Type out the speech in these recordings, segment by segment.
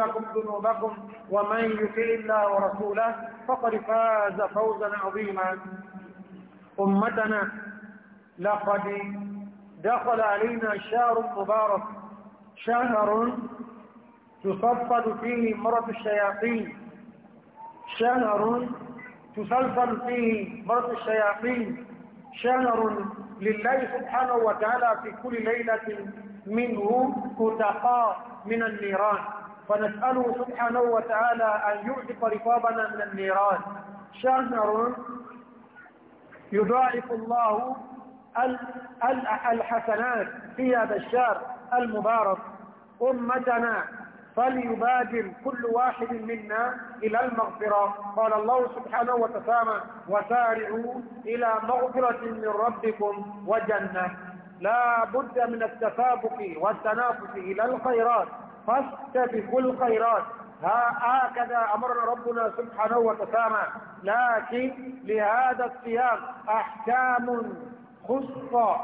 لكم ذنوبكم ومن يطع الله ورسوله فقد فاز فوزا عظيما أمتنا لقد دخل علينا شهر مبارك شهر تصفد فيه مرض الشياطين شهر تسلسل فيه مرض الشياطين شهر لله سبحانه وتعالى في كل ليلة منه تتقى من النيران فنسأله سبحانه وتعالى أن يعتق رقابنا من النيران شهر يضاعف الله الحسنات في هذا الشهر المبارك أمتنا فليبادر كل واحد منا إلى المغفرة قال الله سبحانه وتسامى وسارعوا إلى مغفرة من ربكم وجنة لا بد من التسابق والتنافس إلى الخيرات فاستبقوا الخيرات ها هكذا أمرنا ربنا سبحانه وتعالى لكن لهذا الصيام أحكام خصة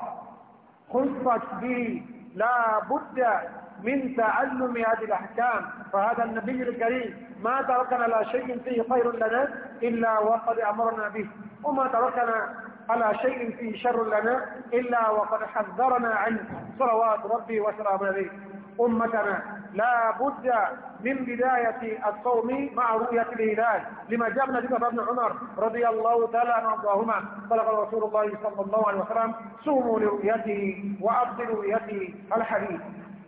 خصت به لا بد من تعلم هذه الأحكام فهذا النبي الكريم ما تركنا لا شيء فيه خير لنا إلا وقد أمرنا به وما تركنا على شيء فيه شر لنا إلا وقد حذرنا عنه صلوات ربي وسلامه عليه أمتنا لا بد من بداية الصوم مع رؤية الهلال لما جاء من حديث ابن عمر رضي الله تعالى عنهما قال رسول الله صلى الله عليه وسلم صوموا لرؤيته وأفضل رؤيته الحديث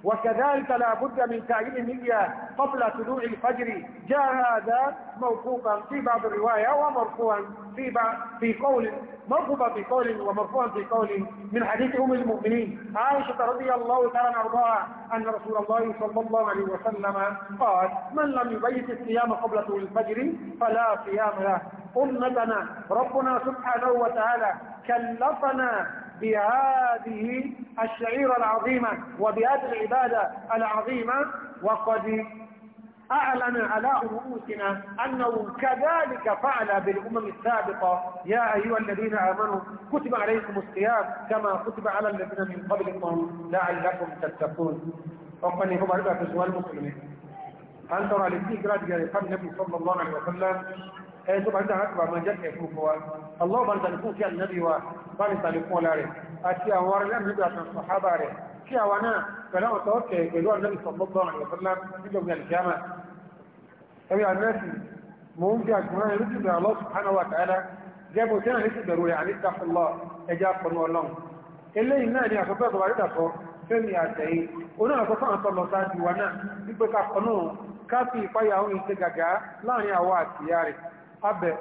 وكذلك لا بد من تعيين النية قبل طلوع الفجر جاء هذا موقوفا في بعض الرواية ومرفوعا في في قول مرفوعا في قول ومرفوعا في قول من حديث أم المؤمنين عائشة رضي الله تعالى عنها أن رسول الله صلى الله عليه وسلم قال من لم يبيت الصيام قبل طلوع الفجر فلا صيام له أمتنا ربنا سبحانه وتعالى كلفنا بهذه الشعيرة العظيمة وبهذه العبادة العظيمة وقد أعلن على رؤوسنا أنه كذلك فعل بالأمم السابقة يا أيها الذين آمنوا كتب عليكم الصيام كما كتب على الذين من قبلكم لعلكم تتقون وقال لهم أربعة سؤال مسلمين هل ترى للإجراء قبل النبي صلى الله عليه وسلم ẹni tó bá jẹ́ àkàbà máa jẹ́ ẹ̀kú fún wa Allah bá ń tàbíkún kí ànábì wa bá ń tàbíkún ọlá rẹ̀ àti àwọn ará lẹ́mìí àti sàhábà rẹ̀ kí àwa náà pẹ̀lú àwọn tọ́ọ̀kẹ̀ pẹ̀lú ànábì sallallahu alaihi wasallam nígbàgbé àlìjáàmà ẹ̀rí àmẹ́sì mò ń fi àgbọ̀n ẹ̀rú ti bẹ̀rẹ̀ Allah subhanahu wa ta'ala jẹ́bù tí wọ́n ti bẹ̀rù rẹ̀ àlìjáfọ́lọ́ ẹja pọ̀nù ọlọ́run eléyìí náà ni àkọ́kọ́ ẹ̀bọ̀ àrídàfọ́ fẹ́mi àtẹ̀yìn oní àkọ́kọ́ àwọn tọ́lọ sáájú wa náà wípé ká pọ̀nù ká fi ìpáyà òun ìṣe gàgà láàrin àwa àti ìyá rẹ̀ abẹ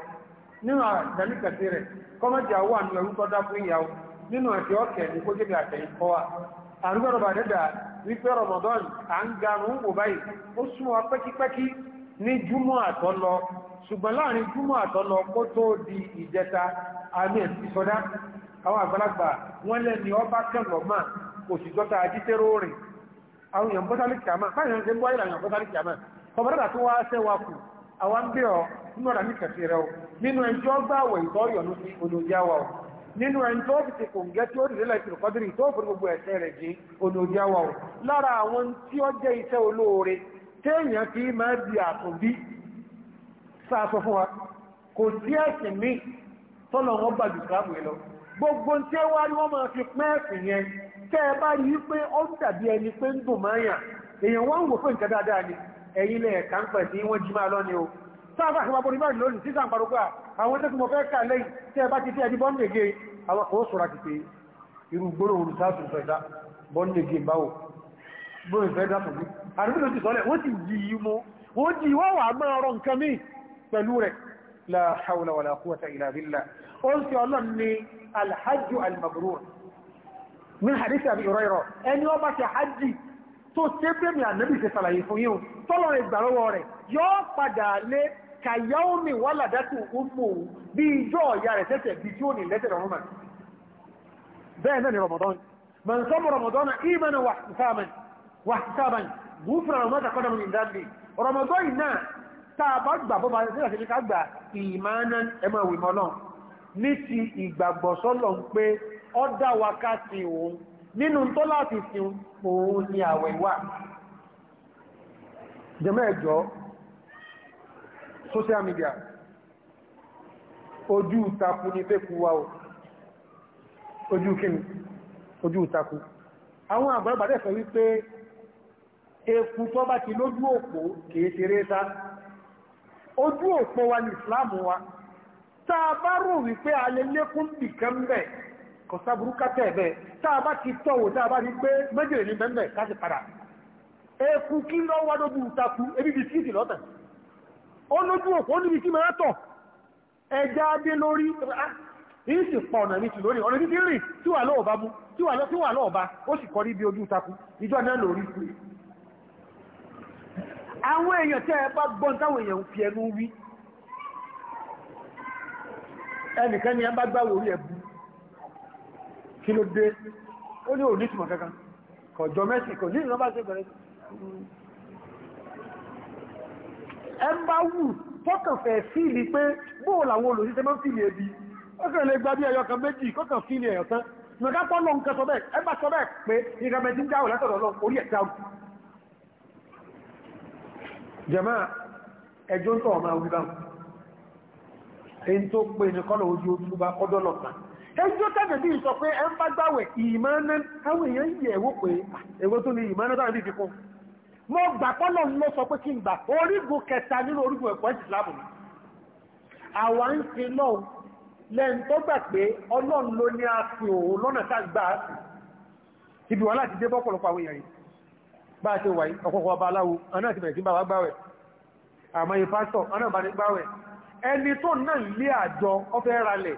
nínú àjálù kẹsí rẹ̀ kọ́mọ̀tì àwọ̀ àmì ẹ̀rú tó fún ìyàwó nínú ẹ̀tì ọ̀kẹ́ ní kó jébì àtẹ̀yìn kọ́ wa dẹ́dà wípé Ramadan à ń garun wò báyìí ó súnmọ́ pẹ́kípẹ́kí ní júmọ́ ṣùgbọ́n láàrin júmọ́ kó tó di ìjẹta àmì àwọn àgbàlagbà wọ́n ọba kẹ́lọ̀ máa kò sì jọta àjítẹ́rò rìn àwọn èèyàn bọ́tálì kìámà àwọn ń bí ọ nínú ọ̀rà níkẹ̀ẹ́sì rẹ o nínú ẹjọ́ gbàwẹ̀ ìtọ́yọ̀nú sí olójáwà o nínú ẹni tó fi ti kò ń gẹ́ tí ó rí lẹ́lẹ́ ìtìrù kọ́dìrì tó fún gbogbo ẹ̀ṣẹ̀ rẹ̀ jí olójáwà o lára àwọn tí ó jẹ́ iṣẹ́ olóore téèyàn kì í máa di àtúnbí sáàsọ fún wa kò sí ẹ̀sìn mí tọ́lọ̀ wọn gbà jù sáàmù lọ gbogbo tí ó wá rí wọ́n máa fi pín ẹ̀sìn yẹn tẹ́ ẹ bá rí pé ó dàbí ẹni pé ń dùn máa yàn èèyàn wọ́n ń wò fún nǹkan dáadáa ni ẹ̀yìn lẹ̀ ẹ̀ka ń pẹ̀ sí wọ́n jí máa lọ́ni o sáàbà kí wọ́n borí báyìí lónìí sísà ń parúgbà àwọn tó ti mọ̀ fẹ́ kà lẹ́yìn tí ẹ bá ti fi ẹni bọ́ndègé àwọn kan ó sọ̀rọ̀ àti pé irú gbóró òru sáàtù fẹ́dá bọ́ndègé báwo gbóró ìfẹ́dá tó bí àdúgbò ló tó ṣe bẹ́ẹ̀mì ànábì ṣe ṣàlàyé fún yín o tọ́lọ̀ rẹ̀ gbà lọ́wọ́ rẹ̀ yọ́ padà lé kàyáómi wà làdátù ọmọ bí ijọ́ ọ̀yà rẹ̀ tẹ́tẹ̀ bí tí ó ní lẹ́tẹ̀ rọrùn mà bẹ́ẹ̀ ni Ramadan man Ramadan iman wa hisaban gúfúra Ramadan takọ́dà Ramadan náà tá a bá gbà bọ́ bá ṣe ká gbà ìmánan ẹmọ ìwé mọ́ náà ní ti ìgbàgbọ́sọ́lọ̀ òun nínú tó láti sin òun ni àwẹ̀ wà jẹ́mọ́ social media ojú ìtakù ní fẹ́kù wa o ojú kíni ojú ìtakù àwọn àgbàlagbà dẹ̀ sọ wípé eku tó bá ti lójú òpó kìí ṣe rétá ojú òpó wa ní ìsìláàmù wa tàà bá wípé a lè lékún kọ̀sá burúkú tẹ̀ẹ̀bẹ̀ tá a bá ti tọ̀wọ̀ tá a bá ní pé méjìlè ní bẹ́ẹ̀ káti padà eku kí lọ wá ló burú takú ebi bí síìtì lọ́tẹ̀ ó lójú òkú ó níbi kí máa tọ̀ ẹja dé lórí ah, yìí sì pọ̀ ọ̀nà ní ti lórí ọ̀nà títí rìn tí wà lọ́ọ̀bá mú tí wà lọ́ọ̀bá ó sì kọ́ níbi ojú takú ìjọ náà lórí fún àwọn èèyàn tẹ́ ẹ bá gbọ́n táwọn èèyàn fi ẹnu wí ẹnìkan ni ẹ bá gbáwò orí ẹ̀bùn kí ló dé ó ní òní túnmọ̀ kankan kọjọ mẹ́sì kò ní ìrọ́bá sí ìbẹ̀rẹ̀ ẹ ń bá wù tọ́kànfẹ́ fíìlì pé bóò làwọn olùsíṣẹ́ mọ́ fíìlì ẹbí ọkàn lè gbá bí ẹyọ kan méjì kọ́kàn fíìlì ẹ̀yọ̀ tán nàgá tọ́lọ nǹkan sọ bẹ́ẹ̀ ẹ bá sọ bẹ́ẹ̀ pé ìrẹ̀mẹ̀ tí ń jáwò látọ̀dọ̀ lọ orí ẹ̀ta ọ̀tún jẹ̀mọ́ ẹjọ́ ń tọ̀ ọmọ àwùjọ èyí tó pè ní kọ́lọ̀ ojú ojú bá kọ́dọ̀ lọ́pàá ẹjọ́ tàbí sọ pé ẹ ń bá gbáwẹ̀ ìmọ̀ọ́nà káwọn èèyàn yẹ̀ ẹ̀wọ́ pé ẹ̀wọ́ tó ní ìmọ̀ọ́nà tàbí fi kún mo gbà pọ́lọ̀ lọ sọ pé kí n gbà orígun kẹta nínú orígun ẹ̀kọ́ ìsìlámù àwa ń fi lọ lẹ́yìn tó gbà pé ọlọ́run ló ní àfi òun lọ́nà tá gbà á sí ibi wọn láti dé bọ́pọ̀lọpọ̀ àwọn èèyàn bá a ṣe wà ọ̀pọ̀pọ̀ ọba aláwo aná ti bẹ̀rẹ̀ sí bá wa gbáwẹ̀ àmọ́ ìpásọ̀ aná bá ní gbáwẹ̀ ẹni tó náà lé àjọ ọfẹ́ ralẹ̀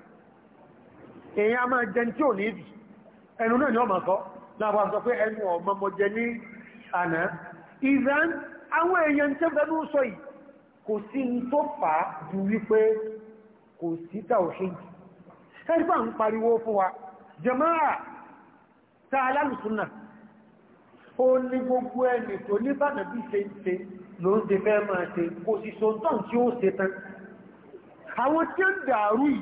èyàn a máa jẹ tí ò ní ìbì ẹnu náà ni ọmọ sọ láwọn sọ pé ẹnu ọmọ mọ jẹ ní àná ìzán àwọn èèyàn tí ẹgbẹ́ ló sọ yìí kò sí ní tó fà á ju wípé kò sí tàwọ̀ṣẹ́ ẹgbà ń pariwo fún wa jẹmáà ta alálùsúnà ó ní gbogbo ẹni tó ní bánàbí ṣe ń ṣe ló ń ṣe fẹ́ máa ṣe kò sì sọ tán tí ó ṣe tán àwọn tí ó ń dàrú yìí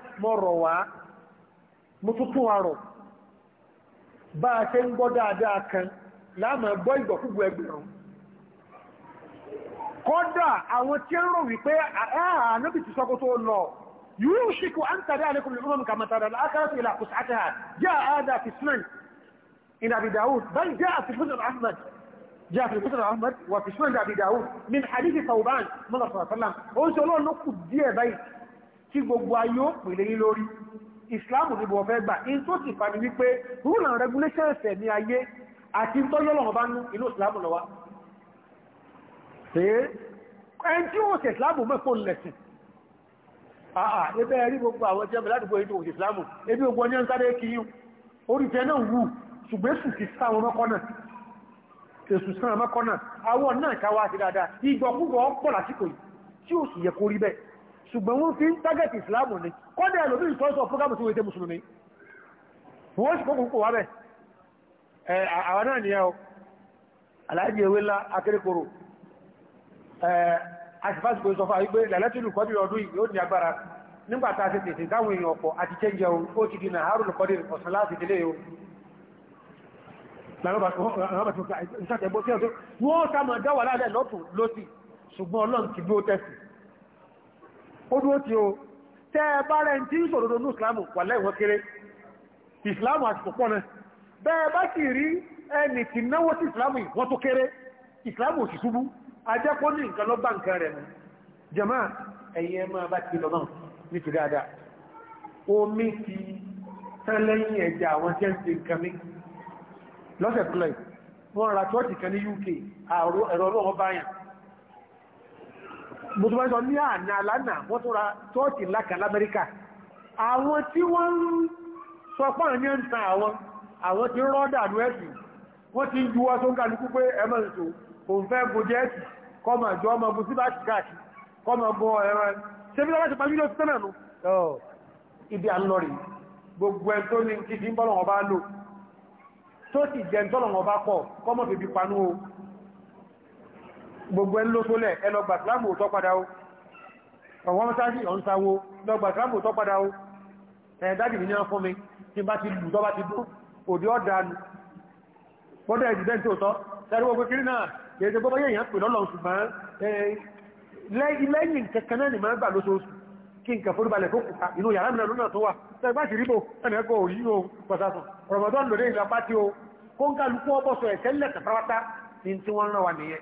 mo rọ̀ wá mo tún tún wa rọ̀ bá a ṣe ń gbọ́ dáadáa kan láàmà gbọ́ ìgbọ̀kúgbọ̀ ẹgbẹ̀rún kọ́dà àwọn tí ń rò wípé àánúbì ti sọ́kó tó lọ yóò ṣíkò á ń tàdé àlékùn lè mọ́mù kàmàtàdà lákàtà ìlà kò جاء في الكتب أحمد وفي سنن أبي داود من حديث ثوبان صلى الله عليه وسلم قلت له نقطة دي tí gbogbo ayé ó pèlè ní lórí ìsìláàmù ní bọ̀ fẹ́ gbà in tó sì fa ni wípé rule and regulation ẹ̀sẹ̀ ní ayé àti tó yọ́lọ̀ bá ní inú ìsìláàmù lọ wá ẹni tí ó ṣe ìsìláàmù mẹ́fò lẹ̀sìn àà ẹbẹ́ rí gbogbo àwọn jẹ́ mẹ́ládùgbò ètò òṣè ìsìláàmù ebi ogun ọjọ́ ń sáré kíyún orí jẹ́ náà wù ṣùgbẹ́ sù ti sáwọn mọ́kọ́nà èsù sáwọn mọ́kọ́nà àwọn náà káwàá sí dáadáa ìgbọ̀kúgbọ̀ ọ̀pọ̀ lásìkò yìí tí ó sì yẹ kó rí bẹ́ẹ̀ ṣùgbọ́n wọ́n fi ń tágẹ̀tì ìsìláàmù ni kọ́dà ẹlòmí ìtọ́sọ̀ fúgàmù tí wọ́n tẹ́ mùsùlùmí wọ́n sì kókò púpọ̀ wá bẹ̀ àwọn náà nìyẹn o aláàjì ewé ńlá akérèkòrò àṣìfásitì pé sọfà wípé lẹ́lẹ́tìlù kọ́dìrì ọdún yìí ó ní agbára nígbà tá a ṣe tètè dáwọn èèyàn ọ̀pọ̀ àti chẹ́ńjẹ o ṣùgbọ́n ọlọ́run ti bí ó tẹ̀sì ó dúró tí ó tẹ́ ẹ bá rẹ̀ tí ìṣòdodo ní ìsìláàmù wà lẹ́wọ̀n kéré ìsìláàmù àti pọ̀pọ̀ náà bẹ́ẹ̀ bá sì rí ẹni tí náwó sí ìsìláàmù wọ́n tó kéré ìsìláàmù òsì ṣubú ajẹ́pọ̀ ní nǹkan lọ́gbà nǹkan rẹ̀ mú jàmá ẹ̀yẹ máa bá ti lọ náà ní ti mùsùlùmí sọ ní àná alánà wọ́n tó ra tọ́ọ̀tì lákà lamẹ́ríkà àwọn tí wọ́n ń sọ pọ́n ní ń tan àwọn àwọn tí rọ́dà ní ẹ̀sì wọ́n ti ń ju wọ́n tó ń kàlùkú pé ẹmọ́sùn kò ń fẹ́ gojẹ́ ẹ̀sì kọmọ àjọ ọmọ ọmọ sí bá ti káàkì kọmọ ọgbọ ẹ̀rọ ṣe bí láti pàmílò sí tẹ́nà nù ibi àlọ́rì gbogbo ẹ̀ gbogbo ẹ ló tó lẹ̀ ẹ lọ gbà sílámù tó padà ó ọ̀wọ́n mọ́sáàjì ọ̀nsáwó lọ gbà sílámù tó padà ó ẹ̀ẹ́dájì ní ọ fún mi tí bá ti lù tọ́ bá ti dún òdí ọ̀dánù bọ́dá ìdídẹ́ntì òtọ́ sẹ́rí gbogbo kiri náà kèrèsè gbogbo yẹ̀yàn pè lọ́lọ́ ṣùgbọ́n lẹ́yìn kẹkẹ náà ni máa ọbọ̀sọ̀ ẹ̀tẹ́lẹ̀ tàbátá ní tí wọ́n rán wa nìyẹn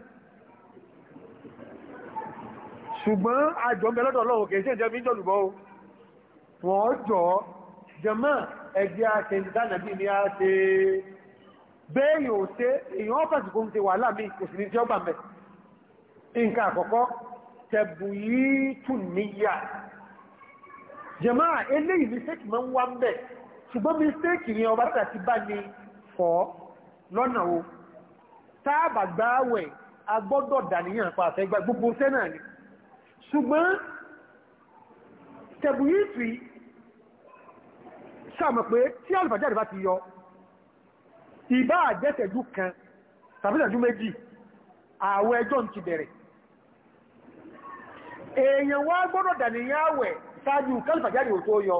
ṣùgbọ́n àjọ́gbẹ́ lọ́dọ̀ lọ́wọ́ kìí ṣe ìjọba ìjọlùbọ́ wọ́n jọ jẹmọ́ ẹgbẹ́ àṣẹ́ntánàbí ni a ṣe bẹ́ẹ̀yìn ò ṣe èyàn ọ́fẹ́sì kó ń ṣe wà láàmì òsìní tí ó bà mẹ́ nǹkan àkọ́kọ́ tẹ̀bù yìí tù níyà jẹmọ́ eléyìí mistake máa ń wá ń bẹ̀ ṣùgbọ́n mistake yẹn ọba tàbí bá ní fọ́ lọ́nà o táàbàgbáwẹ̀ agbọ́dọ̀ dàníyàn pàṣẹ gbogbo sẹ́nà ni ṣùgbọ́n tẹ̀bùyìtì sàmọ̀ pé tí alìfàjáde bá ti yọ ìbá àjẹ́tẹ̀jú kan tàbítẹ̀jú méjì àwẹ̀ ẹjọ́ ti bẹ̀rẹ̀ èèyàn wá gbọ́dọ̀ dàníyàwẹ̀ sáájú kálìfàjáde ò tó yọ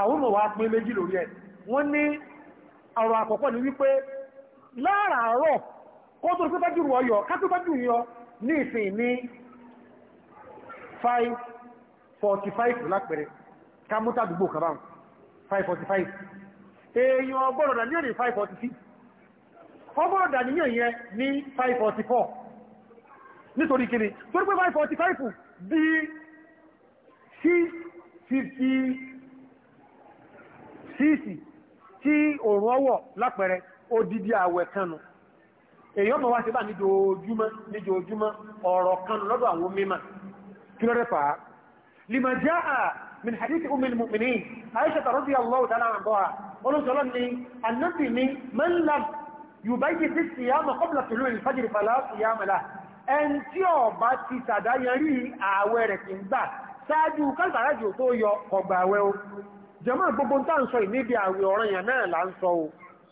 àwọn ọmọ wa pín méjì lórí ẹ̀ wọ́n ní ọ̀rọ̀ àkọ́kọ́ ni wípé láàárọ̀ kó tó rí pẹ́fẹ́jú rọ̀ yọ ká tó yọ ní ìsìn ní five forty five lápẹẹrẹ kámútà àdúgbò kàbáwọn five forty five èèyàn ọgbọ́rọ̀ dàníyàn ní five forty six ọgbọ́rọ̀ dàníyàn yẹn ní five forty four nítorí kiri tó pé five forty five bí six fifty six tí òòrùn ọwọ̀ lápẹẹrẹ odidi àwẹ̀ kanu èèyàn mọ̀ wá sí bá níjòójúmọ́ níjòójúmọ́ ọ̀rọ̀ kanu lọ́dọ̀ àwọn mímọ̀ كيلو رفع لما جاء من حديث أم المؤمنين عائشة رضي الله تعالى عنها قالوا سلمني النبي من لم يبيت الصيام قبل طلوع الفجر فلا صيام له ẹn tí ọ bá ti sàdáyẹrí ààwẹ̀ rẹ̀ kì ń gbà ṣáájú kálbàrájò tó yọ ọgbà àwẹ̀ o jẹmọ́ gbogbo ń tàn sọ níbi àwẹ̀ ọ̀ranyàn náà là ń sọ o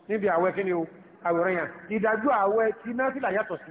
níbi àwẹ̀ kí ni o àwẹ̀ ọ̀ranyàn ìdájú àwẹ̀ tí náà sílà yàtọ̀ sí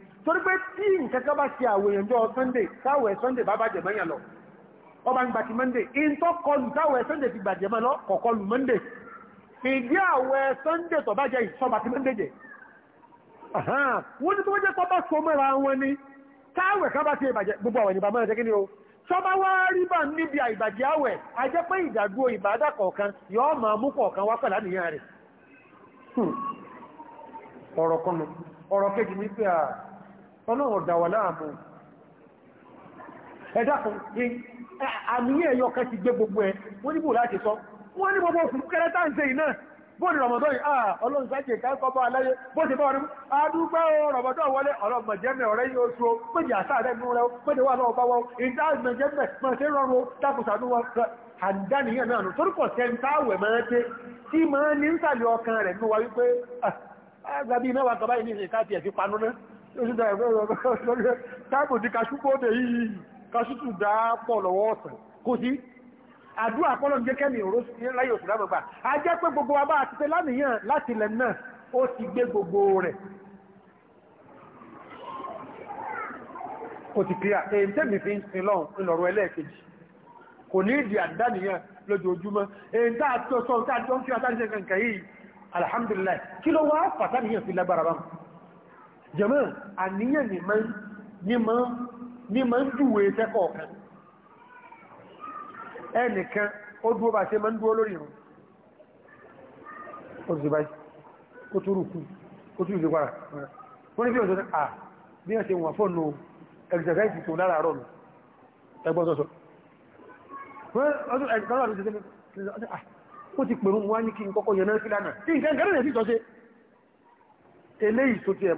torí pé tí nǹkankan bá ṣe àwòyàn jọ sunday táwẹ̀ sunday bá bàjẹ́ mẹ́yàn lọ ọba ń gbà ti monday in tó kọlù táwẹ̀ sunday ti gbàjẹ́ mẹ́ lọ kọ̀kọlù monday ìdí àwẹ̀ sunday tó bàjẹ́ ìṣọ́bà ti monday jẹ́ wọ́n ni tó jẹ́ kọ́ bá so mẹ́ra wọn ni táwẹ̀ ká bá ti ìbàjẹ́ gbogbo àwẹ̀ nípa o sọba wá rí bá níbi àìbàjẹ́ àwẹ̀ a jẹ́ pé ìdàgbò ìbàdà kọ̀ọ̀kan yọ́ máa mú kọ̀ọ̀kan wá pẹ̀lá nìyàn rẹ̀ hmm. ọ̀rọ̀ kejì ní pé à ọlọ́run dàwà láàmù ẹ̀dàkùn ní àníyàn ẹ̀yọ kan ti gbé gbogbo ẹ̀ wọ́n níbò láti sọ wọ́n ní gbogbo òkùnkú kẹrẹ táǹsẹ̀ iná bóòdì rọ̀mọ̀dọ́ yìí àà ọlọ́run sáàjẹ̀ aláyé bó ti bá wọn ní mẹ́wàá oṣù dá ẹ̀fẹ́ ọ̀rọ̀ táàbù di kaṣúgbóde yìí kaṣútù dá pọ̀ lọ́wọ́ ọ̀sán kò sí àdúrà pọ́lọ̀ ń jẹ́kẹ́ ní láyé òṣù lábàgbà a jẹ́ pé gbogbo wa bá a ti fẹ́ lánìyàn láti ilẹ̀ náà ó ti gbé gbogbo rẹ̀ ó ti kíyà èyí tẹ́mi fi ń sin lọ́hùn ìlọ̀rọ̀ ẹlẹ́ẹ̀kejì kò ní ìdí àdánìyàn lójoojúmọ́ èyí tá a tó sọ tá a tó ń fi àtàríṣẹ́ kankan yìí alhamdulillah kí ló wá fàtàníyàn fi lágbára báwọn jẹ́mọ́ àníyàn ní ma ń dùwé tẹ́kọ̀ ọ̀kan ẹnìkan ó dúó bá ṣe ma ń dúó lórí ìrùn ó ti báyìí ó tó rùkú ó tó ìdíkwàrà wọ́n ní bí ọ̀sọ́ à bí ọ̀sẹ̀ wọ́n fọ́nà exercise tó lára rọ̀ nù ẹgbọ́n sọ́sọ́ ó ti pèrún wá ní kí n kọ́kọ́ yẹn náà sí lánàá tí ìkẹ́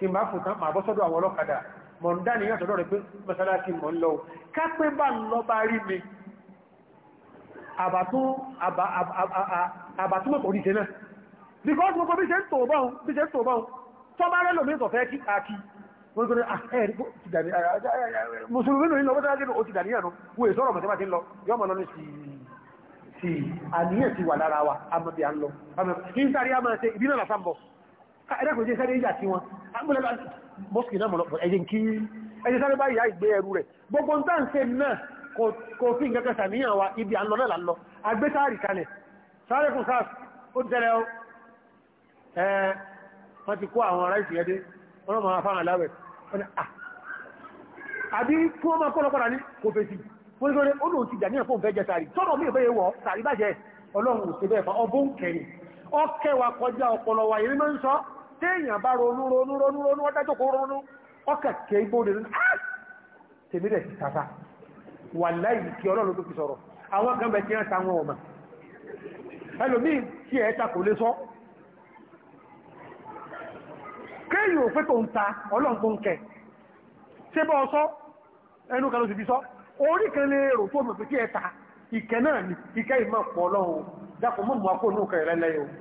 tí máa fò tán máa bọ́ sọ́dọ̀ àwọn ọlọ́kadà mọ̀ ń dáni yàn sọ́dọ̀ rẹ̀ pé mọ́sálásí mọ̀ ń lọ kápẹ́ bá lọ bá rí mi àbàtúmọ̀ kò rí ṣe náà because mo kọ bí ṣe ń tò báhùn bí ṣe ń tò báhùn tó bá rẹ́lò mìíràn fẹ́ kí àkí wọ́n tó ní mùsùlùmí lò ní lọ́wọ́ tẹ́lájẹ́ ó ti dà níyànú wo ìsọ́rọ̀ mọ̀tẹ́bà ti ń lọ yọ́ mọ̀ lọ́nà sí àníyàn ti wà lára wa a mọ̀ bí a ń lọ Ah, ẹ̀dẹ́kùn jẹ́ sáré ìjà tí wọn agbẹ́lẹ́lá ah, mọ́sùkì náà mọ̀lọ́pọ̀ ẹ̀yìn kí ẹjẹ́ sáré báyìí àìgbé ẹrù rẹ̀ gbogbo táǹsẹ̀ náà kò fi nǹkan kẹsà níyàn wa ibi àlọ́ náà lọ agbé sáàrì kalẹ̀ sáré kù sáà ó tẹ́lẹ̀ ọ́ ẹ wọ́n ti kó àwọn ará ìsìn ẹdẹ wọ́n máa fáwọn aláwẹ̀ ah. àbí kí wọ́n máa kọ́ lọ́kọ́ra ní kò fèsì wọ́n ní ó lóun ti dàníyàn fóun ọkẹwà kọjá ọpọlọ wa yìí ń sọ téèyàn bá ronú ronú ronú ronú wọ́n dájọ́ kó ronú ọkàkẹ́ ibóde nínú ah! tèmi rẹ̀ ti wà láì kí ọlọ́run tó fi sọ̀rọ̀ àwọn kan tí wọ́n ta wọn ọ̀mà ẹlòmíì tí ẹ̀ ta kò lè sọ ò pé ta ọlọ́run tó ń kẹ ṣé bọ́ ọ sọ ẹnu kan ló ti fi sọ orí ta náà ni ìmọ̀ pọ̀ ọlọ́run mọ́ akó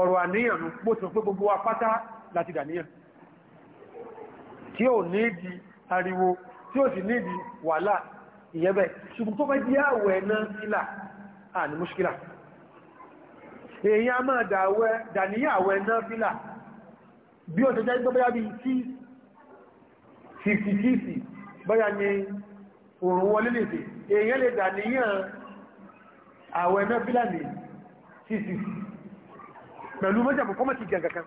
ọ̀rọ̀ àníyàn nù bó tún pé gbogbo apáta láti dàníyàn tí ó ní ìdí ariwo tí ó sì ní ìdí wàhálà ìyẹ́bẹ̀ ṣùgbọ́n tó bá jí àwẹ̀ náà sílà àní múṣkílà èyàn máa dàníyàn àwẹ̀ náà sílà bí ó tẹ́jẹ́ gbọ́ ni òrùn wọlé pẹ̀lú mọ́jàmù kọ́mọ̀ ti gẹ̀gẹ̀kan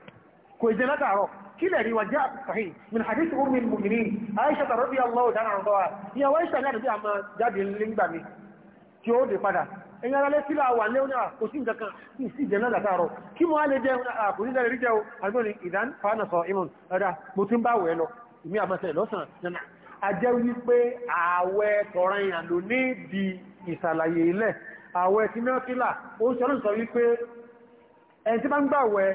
kò ìjẹ́ látàárọ̀ kí lẹ̀rí wà jẹ́ àpàáyì min hadith ummi mumini aisha ta rọ́bí allahu dára rọ́ wa ní àwọn aisha ní àdúgbà máa jáde nígbà mi tí ó dé padà ẹ̀yìn alẹ́ sílá wà lé ní àkòsí nǹkan kí sí ìjẹ́ náà látàárọ̀ kí mo á lè jẹ́ àkòsí ìjẹ́ rí jẹ́ o àgbọ́n ìdán fánà sọ imun ọ̀dá mo ti ń bá wẹ̀ lọ ìmí àmọ́sẹ̀ lọ́sàn nana a jẹ́ wípé ààwẹ̀ tọ̀rọ̀ ìyàn ní di ìsàlàyé ilẹ̀ ààwẹ̀ tí mẹ́ọ́tílà ó sọ́rọ̀ sọ wípé ẹni tí bá ń gbàwẹ̀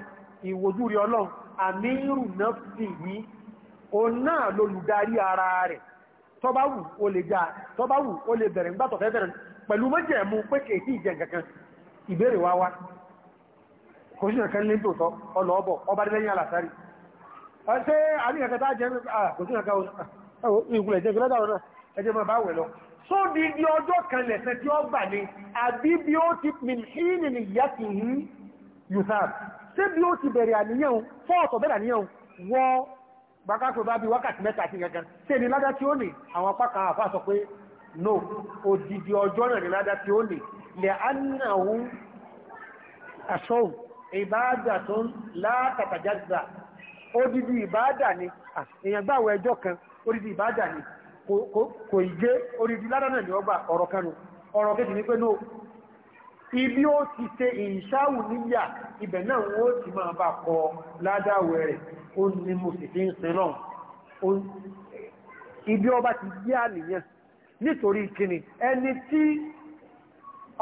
ìwòjú rí ọlọ́run àmírù nọ́fì ní òun náà lolùdarí ara rẹ̀ tọ́báwù ó lè já tọ́báwù ó lè bẹ̀rẹ̀ ńgbàtọ̀ fẹ́ bẹ̀rẹ̀ pẹ̀lú mọ́jẹ̀mú pé kèèkì ìjẹ kankan ìbéèrè wá wá kò sí nǹkan lé tòótọ́ ọlọ ọbọ̀ ọba lẹ́yìn alàsárí ṣe àníyànkan tá jẹ́ kò sí nǹkan ìkùnlẹ̀ jẹ́ di di ọjọ́ kan lẹ̀sẹ̀ tí ó gbà ní àbí bí ó ti min hínì ìyá kìí yuthab ṣé bí ó ti bẹ̀rẹ̀ àníyàn fọ́ọ̀tọ̀ bẹ̀rẹ̀ àníyàn wọ bàkàkùn bá bí wákàtí mẹ́ta àti gangan ṣe ni ládá tí ó nì àwọn apá kan àfáà sọ pé no òdìdí ọjọ́ náà ni ládá tí ó nì lè ánàwó aṣọ́hùn ìbáàdà tó ń látàtàjáza òdìdí ìbáàdà ni èèyàn gbáwọ ẹjọ́ kan òdìdí ìbáàdà ni kò ìgé òdìdí ládá náà ni ọgbà ọ̀rọ̀ kanu ọ̀rọ̀ kejì ni pé no ibi ó ti ṣe ìṣáwù níyà ibẹ̀ náà wọ́n ti máa bá kọ ládáwẹ̀ rẹ̀ ó ní mo sì fi ń sin náà ibi ọba ti jẹ́ àníyàn nítorí kíni ẹni tí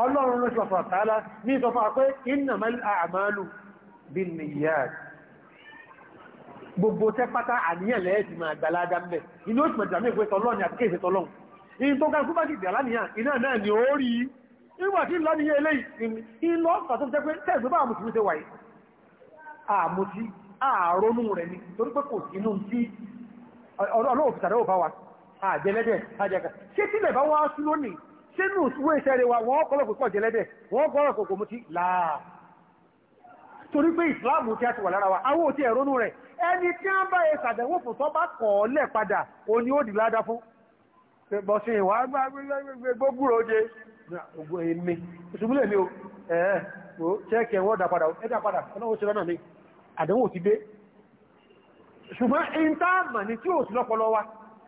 ọlọ́run lọ́sí ọ̀fà tààlá ní ìsọfà pé innamal a'malu binniyat gbogbo tẹ́ pátá àníyàn lẹ́ẹ̀sì máa gbàládá mẹ́ inú òṣìmọ̀ ìjàmẹ́ ìpẹ́tọ̀lọ́run àti kéèsẹ̀tọ̀lọ́run in tó ká kú bá ti iná náà ni ó rí nígbà tí lọ níye eléyìí ìlọ pàtó jẹ́ pé tẹ́ẹ̀gbẹ́ bá mùsùlùmí ṣe wáyé àmùsí àrónú rẹ̀ ni torí pé kò sínú tí ọlọ́wọ̀ fìtàrẹ́ ò bá wa àjẹlẹ́dẹ̀ àjẹkà ṣé tílẹ̀ bá wá sí lónìí ṣé nù wé iṣẹ́ rẹ̀ wa wọ́n kọ́lọ̀ kò jẹlẹ́dẹ̀ wọ́n kọ́lọ̀ kò mutí láà torí pé ìsìláàmù tí a ti wà lára wa awó tí ẹ̀rónú rẹ̀ ẹni tí a ń bá ẹ sàdẹ̀wò fún tọ́ bá kọ̀ ọ́ lẹ̀ padà òní ó dì ládá fún bọ̀sìn ìwà gbogbo oje ogun èmi ìṣubúlẹ̀ mi o ẹ̀ẹ́ o ṣẹ́ẹ̀kì ẹ̀wọ́n dà padà ẹ̀dà padà ọlọ́wọ́ ṣe lọ́nà mi àdánwò ti dé ṣùgbọ́n in tá mà ní tí ò sí lọ́pọlọ wa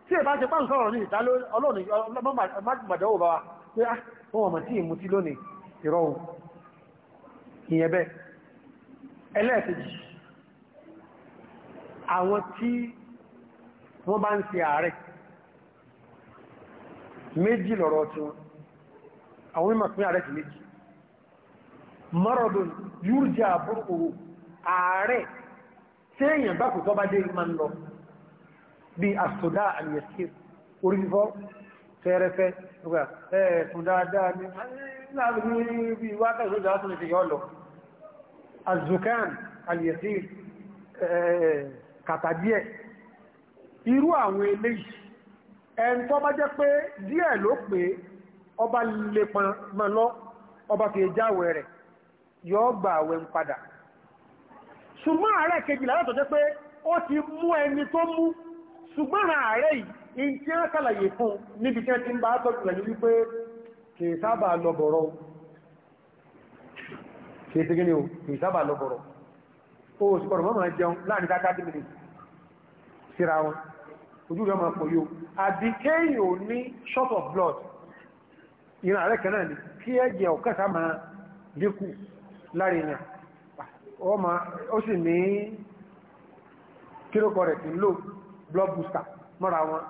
tí ẹ̀bá ṣe pàrùn sọ́rọ̀ ní ìta ọlọ́mọdánwò bá wa pé á ah, wọ́n mọ̀ tí ìmú tí lónìí ìrọ̀hùn ìyẹn bẹ́ ẹlẹ́ẹ̀kejì àwọn tí wọ́n bá ń ṣe àwọn mímọ̀ pín ààrẹ jìlẹ́jì mọ́rọ̀dùn yúrjà àbúrò ààrẹ tí èèyàn bá kò tọ́ bá dé ma ń lọ bí àsòdá àmìyàsí orí fífọ́ fẹ́rẹ́fẹ́ ẹ̀ẹ̀sùn dáadáa ní láàrín bí wákàtí ìrọ̀dá ásùn ìfẹ́ yọ́ lọ ọba lè pọn lọ ọba fi jáwẹ̀ rẹ̀ yọ gbà àwẹ̀ ń padà ṣùgbọ́n ààrẹ kejìlá látọ̀ jẹ́ pé ó ti mú ẹni tó mú ṣùgbọ́n ààrẹ yìí tí a kàlàyé fún níbi tí a ti ń bá tọ́jú rẹ̀ wípé kìí sábà lọ́bọ̀rọ̀ kìí sí gíní o kìí sábà lọ́bọ̀rọ̀ ó sì kọ̀rọ̀ mọ́mọ̀ jẹun láàrin dákàtí mìíràn síra wọn ojú rẹ̀ máa pọ̀ yóò àbíkẹ́yìn ò ní short of blood ìran ààrẹ kan náà ni kí ẹ̀jẹ̀ ọ̀kẹ́sà máa dínkù lára èèyàn ó sì ní kírókọ rẹ̀ tí ń lò blood mọ́ra wọn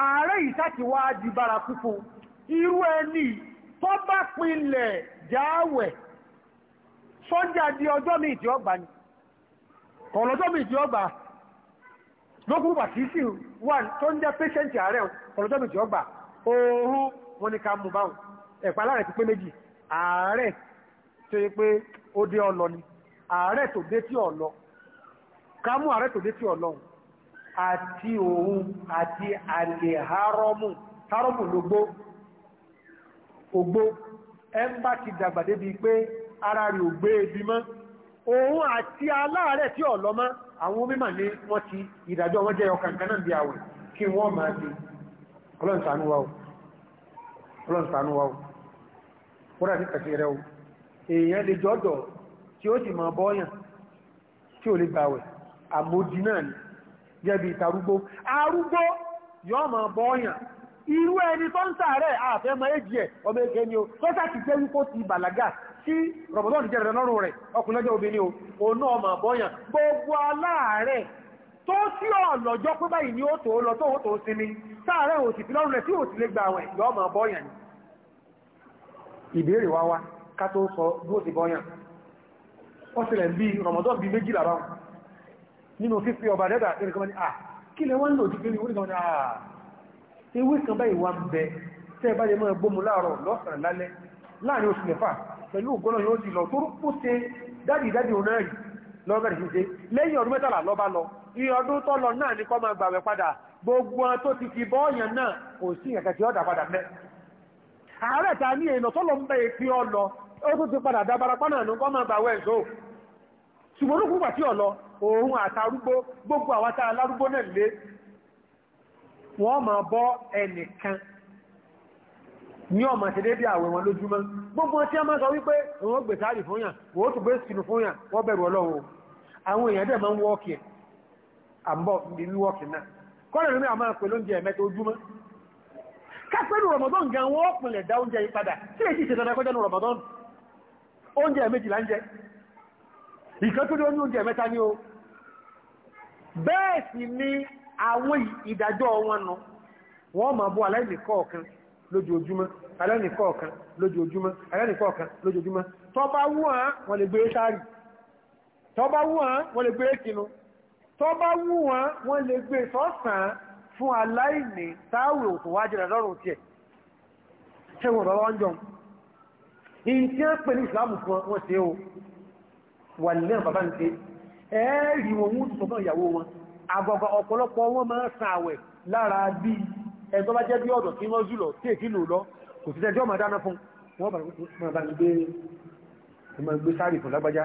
ààrẹ ìsá wá di bára púpọ̀ irú ẹni tó bá pinlẹ̀ jáwẹ̀ sọ́jà di ọjọ́ mi ìtì ọgbà ni mi ìtì ọgbà wọ́n ní ká mú báwọn ẹ̀pá láàrẹ̀ ti pé méjì ààrẹ tó yẹ pé ó dé ọlọ ni ààrẹ tó dé tí ọlọ ká mú ààrẹ tó dé tí ọlọ àti òun àti àlè hárọ́mù hárọ́mù lógbó ògbó ẹ ń bá ti dàgbà débi pé ara rẹ̀ ò gbé ebi mọ́ òun àti aláàrẹ̀ tí ọ̀lọ́ mọ́ àwọn mímọ̀ ní wọ́n ti ìdájọ́ wọ́n jẹ́ ọkàn kan náà bí àwẹ̀ kí wọ́n máa di ọlọ́run ṣàánú wa o ọlọ́run ṣàánú wa o kúrò àti kàṣẹ rẹ o èèyàn lè jọ́dọ̀ tí ó sì máa bọ́ọ̀yàn tí ò lè gbàwẹ̀ àmójì náà ni jẹ́bi ìtarúgbó arúgbó yọ́ máa bọ́ọ̀yàn irú ẹni tó ń sàárẹ̀ àfẹ́ ma éjì ẹ̀ ọmọ ẹgbẹ́ ni o lọ́sà ti jẹ́ wípó ti bàlágà tí rọ̀bọ̀dọ́n jẹ́ rẹ̀ lọ́rùn rẹ̀ ọkùnlẹ́jọ́ obìnrin o òun náà máa bọ́ọ̀yàn gbogbo aláàárẹ̀ tó sí ọ̀lọ́jọ́ pé báyìí ni ó tó lọ tó tó sinmi sáàrẹ́ òsì tí lọ́rùn rẹ̀ tí ò sì lè gba àwọn ìyọ́ ọmọ bọ́yàn ìbéèrè wá wá ká tó sọ bí ó ti bọ́yàn ó sì rẹ̀ bí rọmọdọ́ bí méjìlá báwọn nínú fífi ọba dẹ́dà ẹnìkan ní à kí lẹ wọ́n lò ti fi orí kan ní à ewé kan báyìí wá ń bẹ iye ọdún tó lọ náà ní kọ́ máa gbàwẹ̀ padà gbogbo wọn tó ti fi bọ́ọ̀yàn náà kò sí ẹ̀kẹ́ tí ó dà padà mẹ́ ààrẹ ta ní èèyàn lọ ń bẹ èpí ọlọ ó tó ti padà dábára ní kọ́ máa gbàwẹ̀ ẹ̀zọ́ ọlọ òun àtàrúgbó gbogbo àwọn tá náà wọ́n máa bọ́ a sọ àmbọ̀ ìlú ọ̀kì náà kọ́rẹ̀ lórí àmá pẹ̀lú oúnjẹ ẹ̀mẹ́ta ojúmọ́ kápẹ́lú Ramadan gan wọ́n pìnlẹ̀ dá oúnjẹ ìpadà tí lè jí ìṣẹ́ tọ́lá ní Ramadan oúnjẹ méjìlá ń jẹ ìkan ụdị wọ́n wọ́n lè gbé sáàrì tọba wọ́n wọ́n lè gbé tó bá wù wọ́n wọ́n lè gbé sọ́sàn fún aláìní táwẹ̀ òtò wájẹ̀ lọ́rùn tí ẹ̀ ṣẹ́wọ̀n bàbá wọ́n jọun èyí tí ó pè ní ìsìlámù fún wọn ṣe o wà nílẹ̀ bàbá ní ṣe ẹ́ẹ̀rì wọn mú tuntun ìyàwó wọn àgbàgbà ọ̀pọ̀lọpọ̀ wọn máa ń san àwẹ̀ lára bí ẹgbọ́ bá jẹ́ bí ọ̀dọ̀ tí wọ́n jùlọ tí èkí lò lọ kò sí tẹ́jọ́ máa dáná fún wọn bá gbé sáré fún lágbájá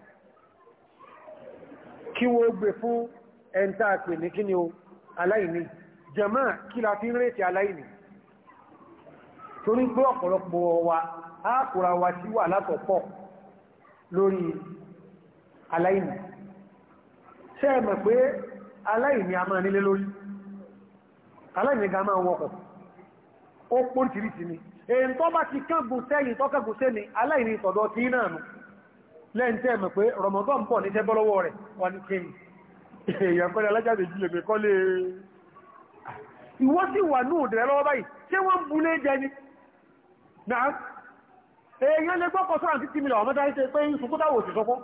kí wọ́n gbé fún ẹntà pè ní kí ni o aláìní jẹ̀mọ́ kí la fi ń rètí aláìní torí pé ọ̀pọ̀lọpọ̀ wa á kúra wa sí wà látọ̀pọ̀ lórí aláìní Ṣe ẹ mọ̀ pé aláìní a máa nílé lórí aláìní ga máa wọkọ̀ ó pọ́ntìrìtì ni èyí tọ́ bá ti kángun sẹ́yìn tọ́kẹ́gun sẹ́ni aláìní tọ̀dọ̀ tí náà nù lẹ́ntẹ́ mẹ́ pé Ramadan pọ̀ ní tẹ́bọ́lọ́wọ́ rẹ̀ wọ́n kéèmù èèyàn kọ́lẹ̀ alájáde jílẹ̀ pé kọ́ lè e. ìwọ́ sí wà ní òdìrẹ́ lọ́wọ́ báyìí ṣé wọ́n ń bulé jẹ ni náà èèyàn lè gbọ́kọ̀ sọ́rọ̀ àti tìmìlọ̀ ọmọ dárí ṣe pé ìṣùkútàwò sí sọ́kọ́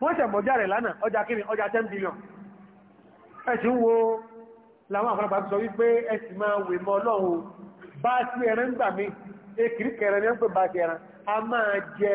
wọ́n ṣẹ̀ mọ̀já rẹ̀ lánàá ọjà kíni ọjà 10 billion ẹ̀sìn wo làwọn àfọlọ́pàá sọ wípé ẹ̀sìn máa wè mọ́ ọlọ́run bá sí ẹran gbà mí ekìrí kẹrẹ ní ọ́n pè bá ti ẹran a máa jẹ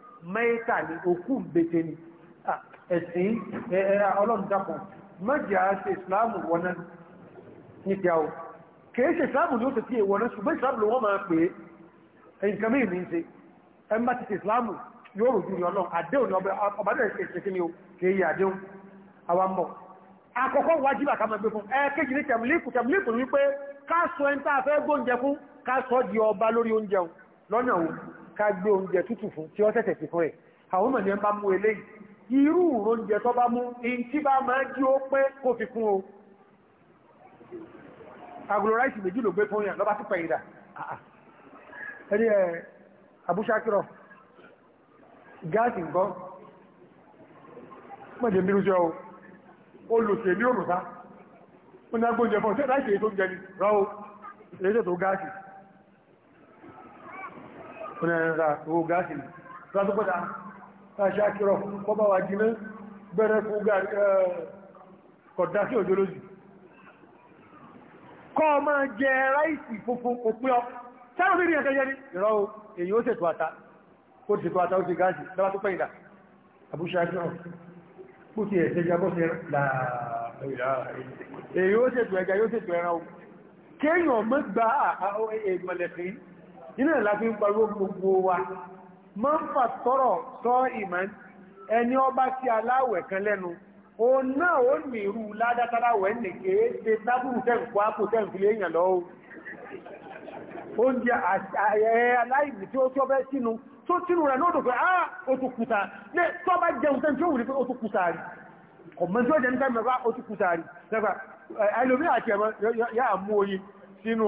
mẹ́ta ni òkú bètè ni ẹ̀sìn ọlọ́dúndàpọ̀ mẹ́jì a ṣe Islamu wọná ní pẹ́ o kìí ṣe ìsìláàmù ní ó ti tí è wọná ṣùgbọ́n ìsìláàmù ló wọ́n máa pè é nǹkan mí ní ṣe ẹmbá ti ṣe ìsìláàmù yóò rò jù ní ọlọ́ àdéhùn ní ọbádẹ́ ṣe ṣe kí ni o kìí yà àdéhùn àwọn mọ̀ ká gbé oúnjẹ tútù fún tí wọ́n tẹ̀tẹ̀ sí fún ẹ̀ àwọn ọmọ nìyẹn bá mú eléyìí irú oúnjẹ tó bá mú in tí bá máa jí ó pé kó fi kún o agolo ráìsì méjì ló gbé fún yàn lọ́bá tó pẹ̀ ìdà ah, ah. ẹni ẹ̀ abúṣákírọ̀ gáàsì nǹkan mọ́jẹ̀ mírú jẹ́ o olùsè ní òrùsá ó ní agbóúnjẹ fún ọ̀sẹ̀ láìsè tó ń jẹ ni rọ́ o lẹ́jọ́ tó gáàsì fúnẹ̀rẹ̀ ra owó gáàsì látọ́pọ̀dá ṣàkírọ̀ fún kọba wà jí náà bẹ̀rẹ̀ fún kọ̀dá sí òjò lójú kọ́ máa jẹ ráìsì funfun òpin ọ sáàrùn bí ìrìnkẹ́ jẹ́ ní ìrọ́ èyí ó ṣètò àtà ó ti ṣètò àtà ó ti gáàsì lọ́wọ́ tó pẹ́yìndà àbúṣàkírọ̀ kú ti ẹ̀ṣẹ́ jabọ́ sí ẹ̀rọ iná ìlàfí ń pariwo gbogbo wa máa ń fà tọ́rọ̀ sọ ìmọ̀ ẹni ọba sí aláwẹ̀ kan lẹ́nu o náà ó ní irú ládátaláwẹ̀ nìké ṣe tábùrù tẹ́ǹkù ápò ah o tó kùtà ní tó bá jẹun tẹ́ tí ó wùrí pé o tó kùtà rí ọmọ tí sínú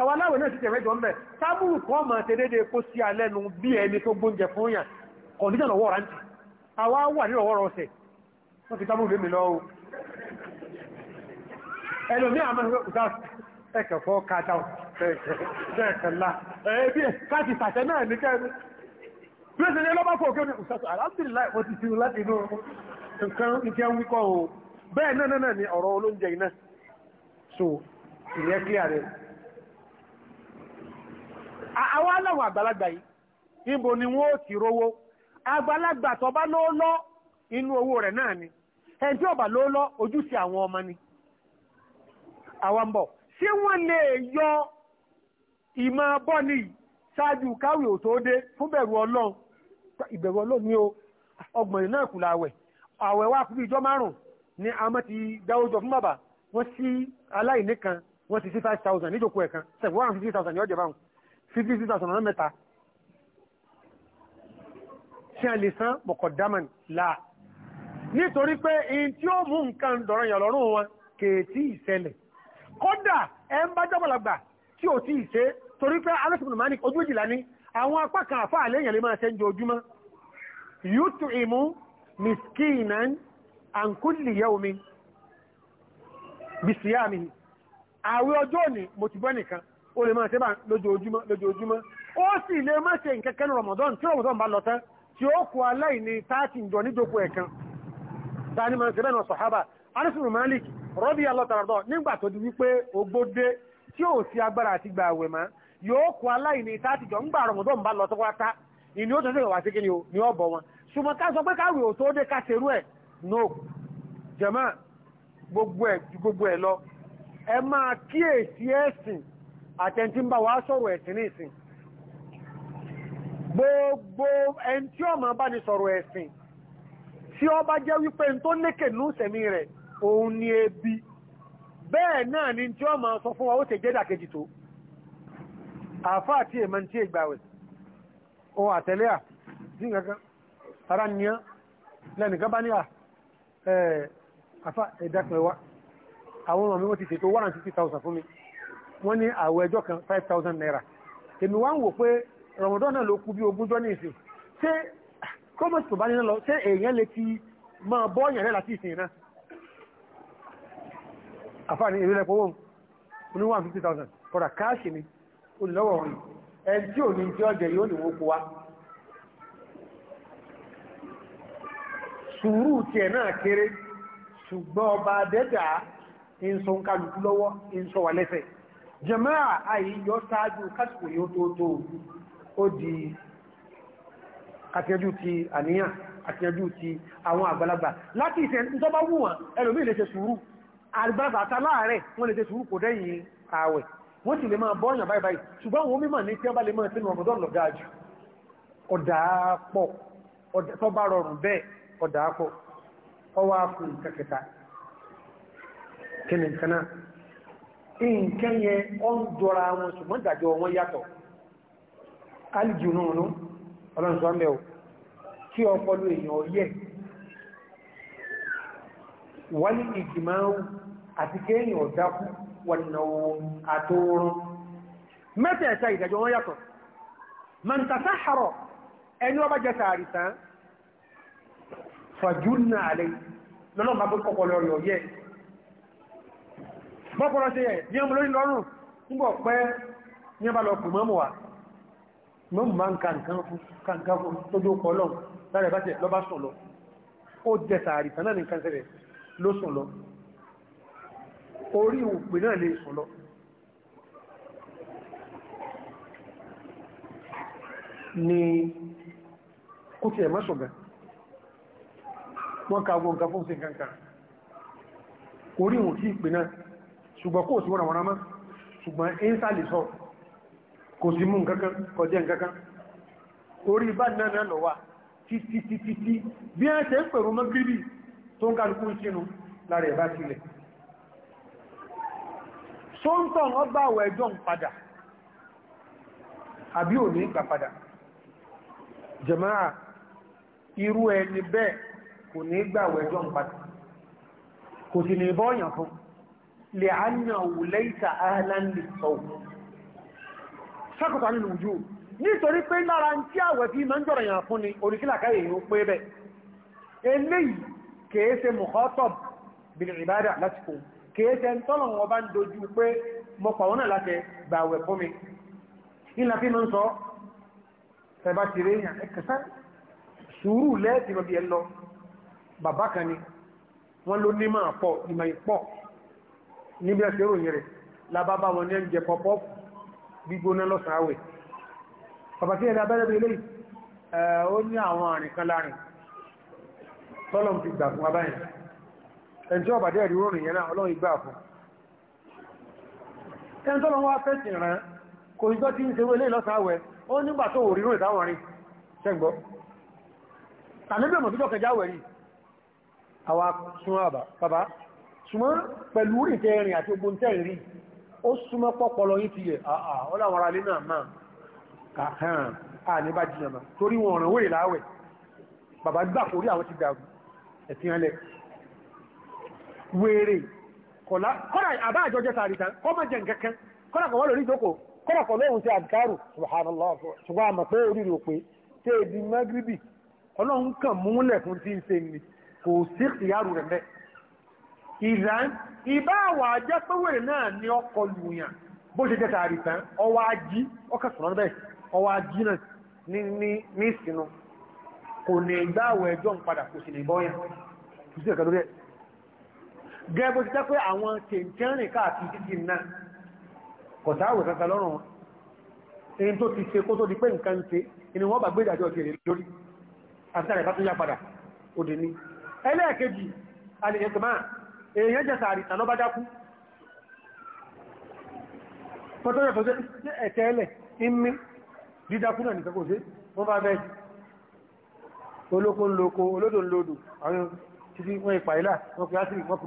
àwọn aláwẹ̀ náà sì tẹ̀ mẹ́jọ mẹ́ sábúrù kan ma ṣe dédé kó sí alẹ́nu bí ẹni tó gbóúnjẹ fún yàn kọ̀díjàn ọwọ́ rántí àwa wà ní ọwọ́ rọ̀ọ̀sẹ̀ wọ́n ti sábúrù lémi lọ́wọ́ ẹlòmí àmọ́ ẹ̀kẹ̀fọ́ kájà ẹ̀kẹ̀lá ẹ̀ẹ́bí káàkì sàtẹ́ náà ní kẹ́rin bí ó ṣe ní ọlọ́bá fún òkè ní ìṣàtò aláàbìnlá wọ́n ti sinú láti inú nǹkan ìkẹ́ wíkọ́ o bẹ́ẹ̀ náà náà ni ọ̀rọ̀ olóúnjẹ iná so ìyẹ́ kí ààrẹ àwọn aláwọ̀ àgbàlagbà yìí níbo ni wọ́n ti rówó àgbàlagbà tó bá ló inú owó rẹ̀ náà ni ẹni tí ó bá àwọn ọmọ ni àwọn bọ̀ ṣé wọ́n lè yọ ìmọ̀ bọ́ọ̀lì ṣáájú káwé ò tó dé fún bẹ̀rù ọlọ́run ni o náà kù láwẹ̀ àwẹ̀ wá fún ìjọ márùn-ún ni ti fún bàbá wọ́n sí aláìní kan wọ́n ti sí five thousand níjókòó ẹ̀kan seven one fifty fifty six thousand ọ̀nà mẹ́ta tí a lè san mọ̀kọ̀dámàn láà nítorí pé in tí ó mú nǹkan dọ̀rọ̀ yàn lọ́rùn wọn kèétí ìṣẹ̀lẹ̀ kódà ẹ ń bá jọ́gbọ̀lagbà tí ò tí ìṣe torí pé alẹ́sìnkùn mani ojú ìjìlá ní àwọn apá kan àfá àléyàn lè máa ṣe ń jẹ ojúmọ́ yútu ìmú ó lè máa ṣe bá lójoojúmọ́ lójoojúmọ́ ó sì lè máa ṣe Ramadan tí Ramadan bá lọ tí ó kú aláìní táàtì ìjọ níjókòó ẹ̀kan tani máa ṣe náà sọ̀hábà arísùn Malik rọ́bì alọ́tàràdọ̀ nígbà tó di wípé ogbóde tí ó sì agbára àti gbà àwẹ̀ yóò aláìní ìjọ Ramadan bá ìní ó sí kíni ní ọ̀bọ̀ wọn ṣùgbọ́n ká gbogbo ẹ̀ lọ ẹ máa kíyèsí ẹ̀sìn àtẹntí ń bá wá sọ̀rọ̀ ẹ̀sìn ní ìsìn gbogbo ẹn tí ó máa bá ní sọ̀rọ̀ ẹ̀sìn tí ó bá jẹ́ wípé tó lékè ní ìsẹ̀mí rẹ̀ òun ni ebi bẹ́ẹ̀ náà ni tí ó sọ fún wa ó tẹ jẹ́dà kejì tó àfá àti o àtẹ̀lé à sí nǹkan ara nìyàn lẹ́nìkan bá ní à àfá ẹ̀dàkùnrin wa àwọn ọmọ mi wọ́n ti ṣètò 150,000 fún mi wọ́n ní àwọ̀ ẹjọ́ kan five thousand naira èmi wá ń wò pé rọmọdọ́nà ló kú bí ogúnjọ́ ní ìsìn ṣé kọ́mọ̀sì tó bá ní lọ ṣé èèyàn lè ti máa bọ́ yàn rẹ̀ láti ìsìn náà àfáàní èrè lẹ́pọ̀ wọ́n ní one fifty thousand kọ́dà káàṣì ni olùlọ́wọ́ wọn ẹni tí ò ní jẹ́ ọ̀jẹ̀ yóò ní wọ́n kó wa sùúrù tiẹ̀ náà kéré ṣùgbọ́n ọba adẹ́dà ń sọ ń kálukú lọ́wọ́ ń jẹ̀máà àìyọ sáájú kásìkò yóò tó tó ó di àtẹ́jú ti àníyàn àtẹ́jú ti àwọn àgbàlagbà láti ìṣẹ́ tó bá wù wọn ẹlòmí lè ṣe sùúrù àgbàlagbà àtàláàrẹ̀ wọ́n lè ṣe sùúrù kò dẹ́yìn ààwẹ̀ wọ́n sì lè máa bọ́ọ̀yàn báyìí báyìí ṣùgbọ́n wọn mímọ̀ ní tí ó bá lè máa sínú nǹkan yẹn ọ ń jọra wọn ṣùgbọ́n ìdàjọ́ wọn yàtọ̀ alìjù náà ọlọ́nsọ́mẹ́ o kí ọpọlọ èèyàn yẹ wálé ìjìmáwó àti kéèyàn ọ̀dákú wọ̀nàwó àtòrún mẹ́tẹ̀ẹ̀ta ìdàjọ́ wọn yàtọ̀ mọ̀ntàtà àrọ̀ ẹni ọba jẹ́ sàárìtàn fàjúnà àlẹ́ lọ́nà bọ́pọ̀lọ́ ṣe ẹ̀ ní ọmọ lórí lọ́rùn nígbọ̀ pẹ́ ní ọba lọ pùmọ́ mọ̀ wà mọ́mù máa ń ka nǹkan fún tójú ọkọ̀ ọlọ́run lára ẹ̀bá tẹ̀ lọ́bá sùn lọ ó jẹ sàárì tán náà nìkan orí òpè náà lè ni kó ti ẹ̀mọ́ sùn gan wọ́n ka gbọ́ nǹkan fún sí ṣùgbọ́n kò sí wọ́n àwọn ọmọ ṣùgbọ́n ínsàlì sọ kò sí mú nǹkankan kọjẹ́ nǹkankan orí bá náà lọ wà títí títí tí bí a ṣe ń pẹ̀rù mọ́ gírí tó ń kálukú sínú lára ẹ̀bá sílẹ̀ sóńtọ̀ ọgbà àwọ̀ ẹjọ́ ń padà àbí ò ní ìgbà padà jẹ̀máà kò ní ìgbà ẹjọ́ ń padà kò sì ní ìbọ́ ọ̀yàn fún لأنه ليس أهلا للصوم سقط عن الوجوب nítorí pé lára ń tí àwẹ̀ tí ma ń jọ̀rọ̀ yàn fún ni oríkílàkáyè yóò pé bẹ̀. eléyìí kèé ṣe mọ̀kọ́tọ̀b bìnrin ìbádà láti kò kèé ṣe ń tọ́lọ̀ wọn bá ń dojú pé mọ́pàá náà láti gbàwẹ̀ ẹ lọ bàbá kan ni wọ́n ló ní máa pọ̀ ìmọ̀ ìpọ̀ níbi ẹ̀sẹ̀ ròyìn rẹ̀ labábá wọn ní ẹ̀jẹ̀ pọ̀pọ̀ gbígbóná lọ́sàáwẹ̀ pàpàtí ẹ̀dà abẹ́rẹ́bẹ̀ ilé ó ní àwọn àrìn kan láàrin tọ́lọ̀m ti gbà fún abáyìn ẹn tí ó bàdé ẹ̀rí ròrìn yẹn náà ọlọ́run igbá fún ẹn tọ́lọ̀ wá fẹ́sì rán kò ní tọ́ tí ń ṣe wọlé lọ́sàáwẹ̀ ó nígbà tó wò rírùn ìtàwọn rìn ṣẹ́gbọ́ tàbí bàbá ṣùgbọ́n pẹ̀lú ìtẹ́rin àti ogun tẹ́rin ó súnmọ́ pọ́pọ̀lọ yí ti yẹ àà ọláwọn ará lẹ́nà máa kàkàn àníbá jìnàmà torí wọn ọ̀rọ̀ wèrè láwẹ̀ bàbá gbà kórí àwọn ti dàrú ẹ̀tìyàn lẹ wèrè kọ́lá àbá àjọ jẹ́ sàrìtà kọ́mọ̀ jẹ́ nkankan kọ́lá kọ̀wọ́ lórí ìjókò kọ́lá kọ̀ lóhun ti àdìkárù ṣùgbọ́n àmọ̀ pé orí rò pé tẹ́ ẹ̀dì magribi kò sí ìyàrù rẹ̀ mẹ́ ìlà ìbá àwà ajẹ́ pẹ́wèrè náà ni ọkọ̀ lùyàn bó ṣe jẹta àrìtàn ọwọ́ ají ọkàsùnrán bẹ́ẹ̀ ọwọ́ ají náà ní ìsinú kò ní ìgbà àwọ̀ ẹjọ́ ń padà kò sì ní bọ́yàn gẹ́gbó ti jẹ́ pé àwọn tèntẹ́rìn káàkiri títí náà kọ̀sáwò sẹ́sẹ̀ lọ́rùn ẹni tó ẹlẹ́ẹ̀kejì alìyẹ̀kẹ̀máà èèyàn jẹ́ sàárì tàn lọ́bá dákú pọ̀tọ́rọ̀ tó sí ẹ̀tẹ́ẹ̀lẹ̀ inmi dídákú náà nìkan kò sí wọ́n bá bẹ́ẹ̀ olóko lóko olódò lódò àwọn títí wọ́n ìpà ilá wọ́n pè ásìrì wọ́n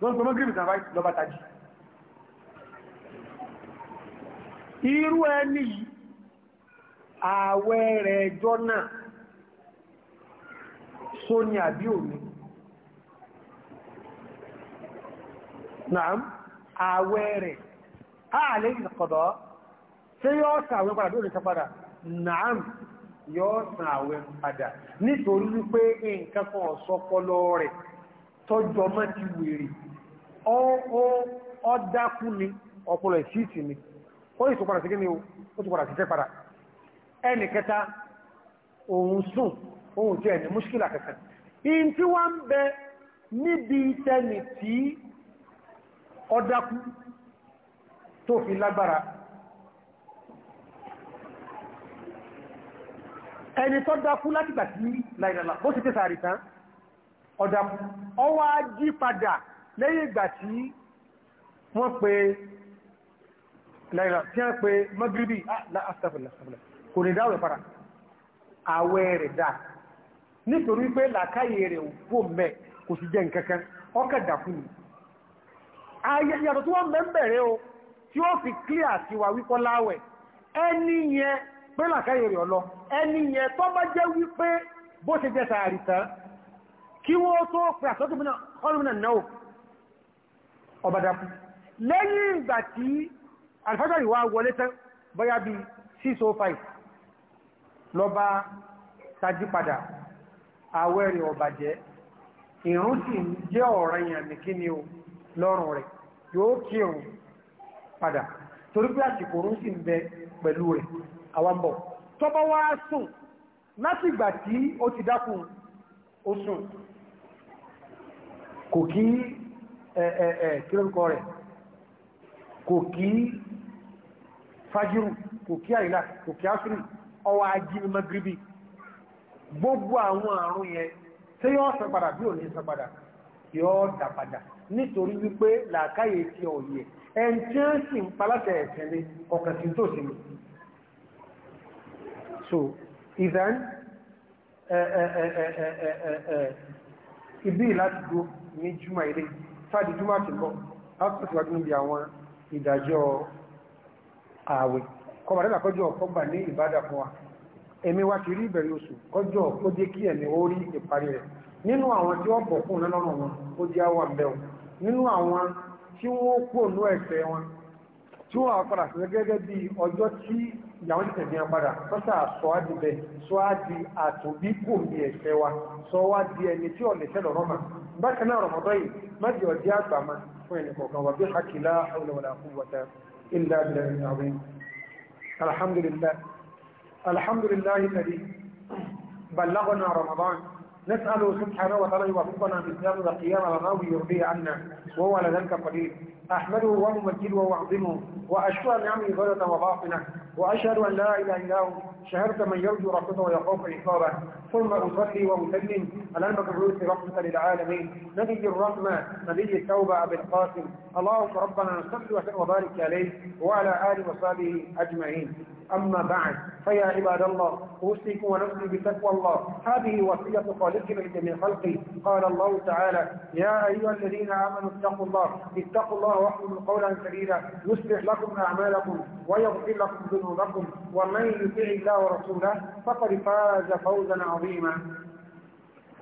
pè mọ́gírì tàbí naam àwẹ̀ rẹ̀ ààlẹ́ ìkọ̀dọ̀ tí yóò sàwẹ́ padà bí òrìta padà naam yóò sàwẹ́ padà nítorí wípé nǹkan kan ọ̀sọ́pọlọ rẹ̀ tọ́jọ mọ́ ti wèrè ó dákú ni ọpọlọ ni ó yìí tó padà sí kíni ó tó padà sí tẹ́ padà ẹnì kẹta ọdákú tó fi lágbára ẹni tó dákú láti gbà tí láìlàlà bó sì tẹ́sà àrìtán ọdákú ọwá jí padà lẹ́yìn ìgbà tí wọ́n pe láìlàlà tí wọ́n pe magribi ah, kò ní dáwẹ̀ para àwẹ̀ rẹ̀ dáa nítorí pé làkáyè rẹ̀ òpó mẹ́ kò sì jẹ́ nǹkankan ọkà dákú ni yàtọ̀ tí wọ́n bẹ̀ bẹ̀rẹ̀ o tí ó fi clear sí wa wípọ́ láwẹ̀ ẹni yẹn pé làkáyè rẹ̀ ọlọ ẹni yẹn tó bá jẹ́ wípé bó ṣe jẹ́ sàárì tán kí wọ́n tó pè àtọ́tùmínà náà ọ̀bàdàkú lẹ́yìn ìgbà tí alfajari wa wọlé tán oh rẹ̀ yóò kírun padà torí pé àsìkò oorun sì ń bẹ pẹ̀lú rẹ̀ àwọn bọ̀ tọ́bọ́ wá sùn láti ìgbà tí ó ti dákun ó sùn kò kí ẹ̀ẹ̀ẹ̀ kí lórúkọ rẹ̀ kò kí fajiru kò kí àìlà kò kí áfírí ọwọ́ ají magribi gbogbo àwọn àrùn yẹn tí yóò sọ padà bí ò ní sọ padà yóò da padà nítorí wípé làákàyè ti ọ̀yẹ̀ ẹn tí ó sì ń palátẹ̀ ẹ̀tẹ̀lé ọkàn tí tó sí so ìdán ibi láti dó ní júmà ilé fàdí júmà ti lọ látìsíwájú níbi àwọn ìdájọ́ ààwẹ̀ kọmọdé àkọjọ ọ̀pọ̀ gbà ní ìbádà fún wa ẹ̀mí wa ti rí ìbẹ̀rẹ̀ oṣù kọjọ ó jẹ́ kí ẹ̀mí ó rí ìparí rẹ̀ nínú àwọn tí wọ́n bọ̀ fún lọ́nà wọn ó jẹ́ àwọn àbẹ̀wọ̀n nínú àwọn tí wọ́n kú ònú ẹ̀sẹ̀ wọn tí wọ́n padà sí gẹ́gẹ́ bí ọjọ́ tí ìyàwó ti tẹ̀lé padà sọ́sà sọ́ádì bẹ̀ sọ́ádì àtòbí kò ní ẹ̀sẹ̀ wa sọ́wádì ẹni tí ọ̀lẹ̀ tẹ́lọ̀ rọ́mà bákan náà rọ̀mọ́dọ́ yìí májì ọdí àgbà ma بلغنا رمضان نسأله سبحانه وتعالى يوفقنا بالإسلام والقيام لله يرضي عنا وهو على ذلك قدير أحمده وأمجده وأعظمه وأشكر نعمه ظاهرة وباطنة وأشهد أن لا إله إلا هو شهرت من يرجو رحمته ويخاف عقابه ثم أصلي وأسلم على المبعوث رحمة للعالمين نبي الرحمة نبي التوبة أبي القاسم اللهم ربنا نصلي وبارك عليه وعلى آله وصحبه أجمعين أما بعد فيا عباد الله أوصيكم ونفسي بتقوى الله هذه وصية خالقنا لجميع خلقه قال الله تعالى يا أيها الذين آمنوا اتقوا الله اتقوا الله واحكموا قولا سديدا يصلح لكم أعمالكم ويغفر لكم ذنوبكم ومن يطع الله ورسوله فقد فاز فوزا عظيما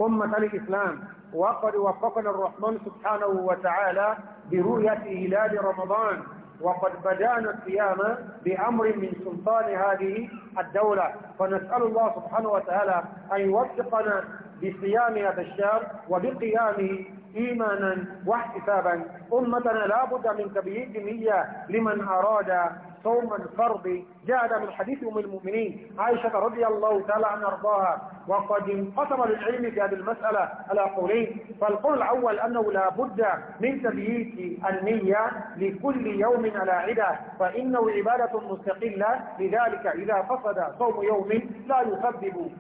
أمة الإسلام وقد وفقنا الرحمن سبحانه وتعالى برؤية هلال رمضان وقد بدأنا القيام بأمر من سلطان هذه الدولة فنسأل الله سبحانه وتعالى أن يوفقنا بصيام هذا الشهر وبقيامه إيمانا واحتسابا أمتنا لا بد من تبييت نية لمن أراد صوم الفرض جاء من حديث أم المؤمنين عائشة رضي الله تعالى عنها أرضاها وقد انقسم للعلم في هذه المسألة على قولين فالقول الأول أنه لا بد من تبييت النية لكل يوم على عدة فإنه عبادة مستقلة لذلك إذا فسد صوم يوم لا يسبب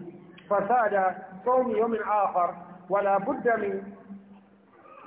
فساد صوم يوم آخر ولا بد من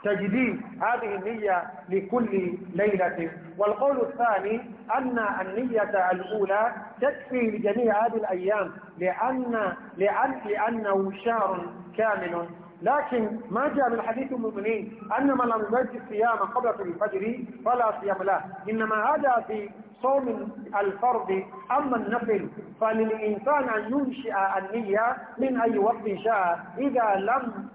تجديد هذه النية لكل ليلة والقول الثاني أن النية الأولى تكفي لجميع هذه الأيام لأن, لأن لأنه شهر كامل لكن ما جاء من حديث المؤمنين أن من لم يجد الصيام قبل الفجر فلا صيام له إنما هذا في صوم الفرض أما النفل فللإنسان أن ينشئ النية من أي وقت شاء إذا لم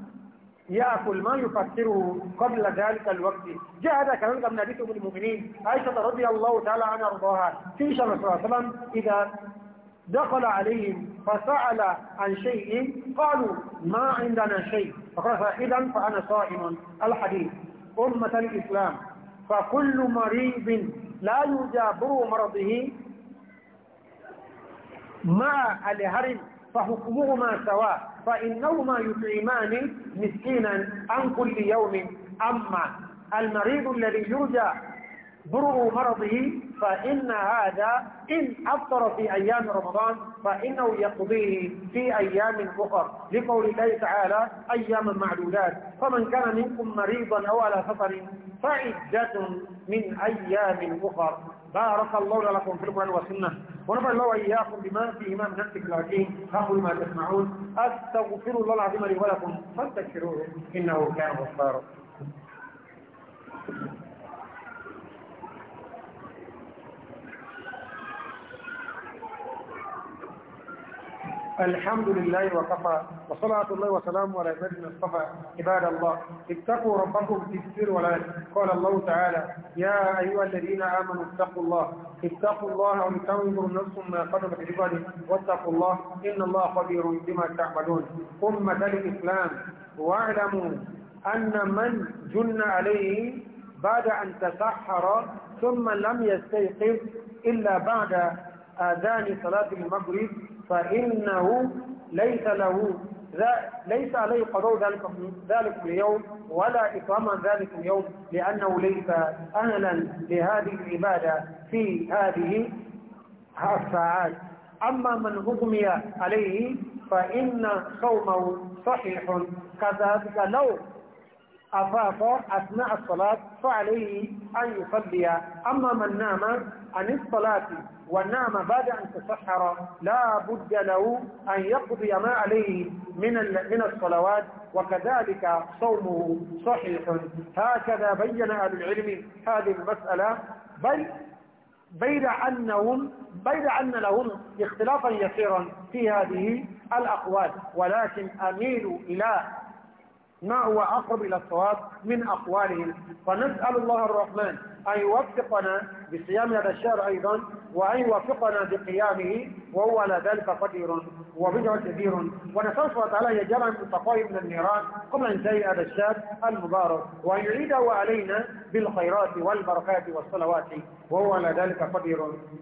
يأكل ما يفكره قبل ذلك الوقت جاء هذا كلام من حديث المؤمنين عائشة رضي الله تعالى عنها وارضاها في شمس صلى إذا دخل عليهم فسأل عن شيء قالوا ما عندنا شيء فقال إذا فأنا صائم الحديث أمة الإسلام فكل مريض لا يجابر مرضه مع الهرم فحكمهما سواء فإنهما يطعمان مسكينا عن كل يوم أما المريض الذي يرجى برء مرضه فإن هذا إن أفطر في أيام رمضان فإنه يقضيه في أيام أخر لقول الله تعالى أياما معدودات فمن كان منكم مريضا أو على سفر فعدة من أيام أخر بارك الله لكم في القرآن والسنة ونفع الله وإياكم بما فيهما من نفسك العجيم فأقول ما تسمعون أستغفر الله العظيم لي ولكم فاستغفروه إنه كان غفارا الحمد لله وكفى وصلاة الله وسلامه على عباده الصفا عباد الله اتقوا ربكم في السر والعلن قال الله تعالى يا أيها الذين آمنوا اتقوا الله اتقوا الله ولتنظر نفس ما قدمت لغد واتقوا الله إن الله خبير بما تعملون أمة الإسلام واعلموا أن من جن عليه بعد أن تسحر ثم لم يستيقظ إلا بعد آذان صلاة المغرب فإنه ليس له ليس عليه قضاء ذلك ذلك اليوم ولا إكراما ذلك اليوم لأنه ليس أهلا لهذه العبادة في هذه الساعات أما من أغمي عليه فإن صومه صحيح كذلك لو أفاق أثناء الصلاة فعليه أن يصلي أما من نام عن الصلاة ونام بعد أن تسحر لا بد له أن يقضي ما عليه من من الصلوات وكذلك صومه صحيح هكذا بين أهل العلم هذه المسألة بل بيد أنهم بيد أن لهم اختلافا يسيرا في هذه الأقوال ولكن أميل إلى ما هو أقرب إلى الصواب من أقوالهم فنسأل الله الرحمن أن يوفقنا بصيام هذا الشهر أيضا وأن يوفقنا بقيامه وهو على ذلك قدير وبدع كبير ونسأل الله تعالى يجعل المتقايم من النيران قبل أن ينتهي هذا الشهر المبارك وأن يعيده علينا بالخيرات والبركات والصلوات وهو على ذلك قدير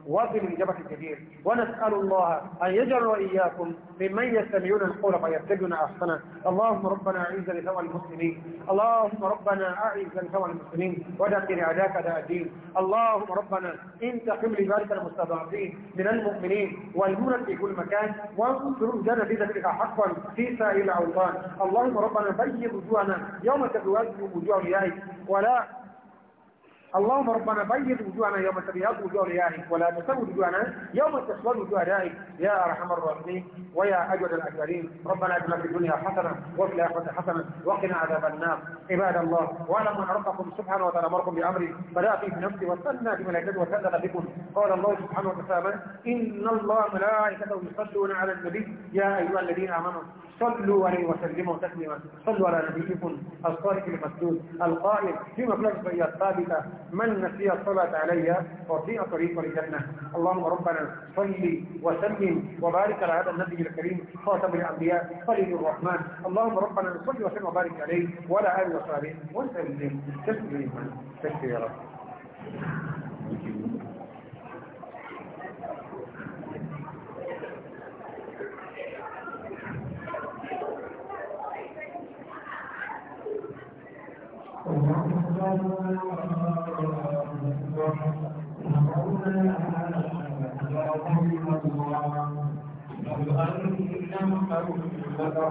وفي الإجابة كبير ونسأل الله أن يجعل وإياكم ممن يستمعون القول فيتبعون أحسنه اللهم ربنا أعز لسوى المسلمين اللهم ربنا أعز لسوى المسلمين ودمر عداك دين اللهم ربنا انت حمل بارك المستضعفين من المؤمنين والمؤمنات في كل مكان وانصر جنة بذلك حقا في سائل العوضان اللهم ربنا بيض وجوهنا يوم تبيض وجوه اوليائك ولا اللهم ربنا بيض وجوهنا يوم تبيض وجوه ريائك ولا تسود وجوهنا يوم تسود وجوه دائك يا ارحم الراحمين ويا اجود الاجرين ربنا اجعلنا في الدنيا حسنه وفي الاخره حسنه وقنا عذاب النار عباد الله واعلم ان ربكم سبحانه وتعالى امركم بامري فلا في نفسي وسلنا بملائكته وسلم بكم قال الله سبحانه وتعالى ان الله ملائكته يصلون على النبي يا ايها الذين امنوا صلوا عليه وسلموا تسليما صلوا على نبيكم الصادق المسدود القائم في مبلغ الثابته من نسي الصلاة علي وفي طريق الجنة اللهم ربنا صل وسلم وبارك على هذا النبي الكريم خاتم الأنبياء خليل الرحمن اللهم ربنا صل وسلم وبارك عليه وعلى آله وصحبه وسلم تسليما كثيرا Thank you.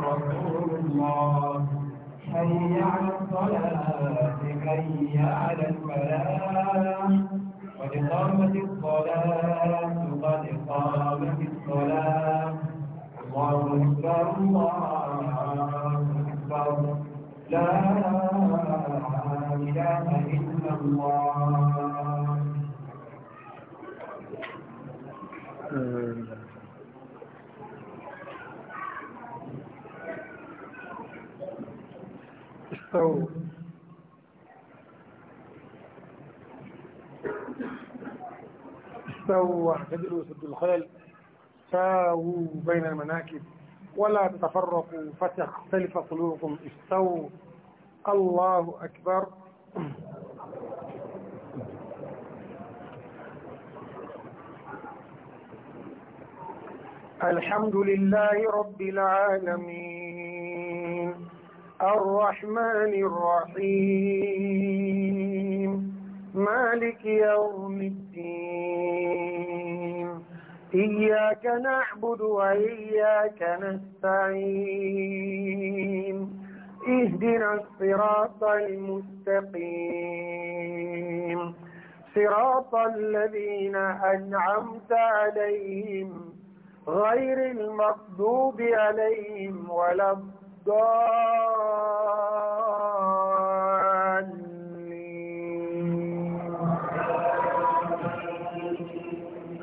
رسول الله حي على الصلاة حي على الفلاح قد قامت الصلاة قد قامت الصلاة الله أكبر الله أكبر لا إله إلا الله استووا استووا واعتدلوا سد الخلل ساووا بين المناكب ولا تتفرقوا فتختلف قلوبكم استووا الله أكبر الحمد لله رب العالمين الرحمن الرحيم مالك يوم الدين إياك نعبد وإياك نستعين اهدنا الصراط المستقيم صراط الذين أنعمت عليهم غير المغضوب عليهم ولا الضالين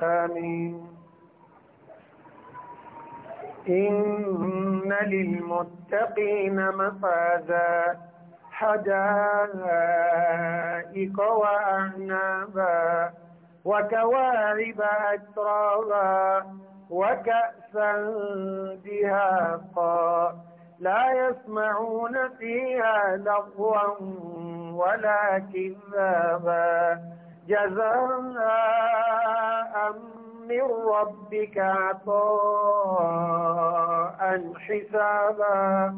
آمين إن للمتقين مفازا حدائق وأعنابا وكواعب أترابا وكأسا دهاقا لا يسمعون فيها لغوا ولا كذابا جزاء من ربك عطاء حسابا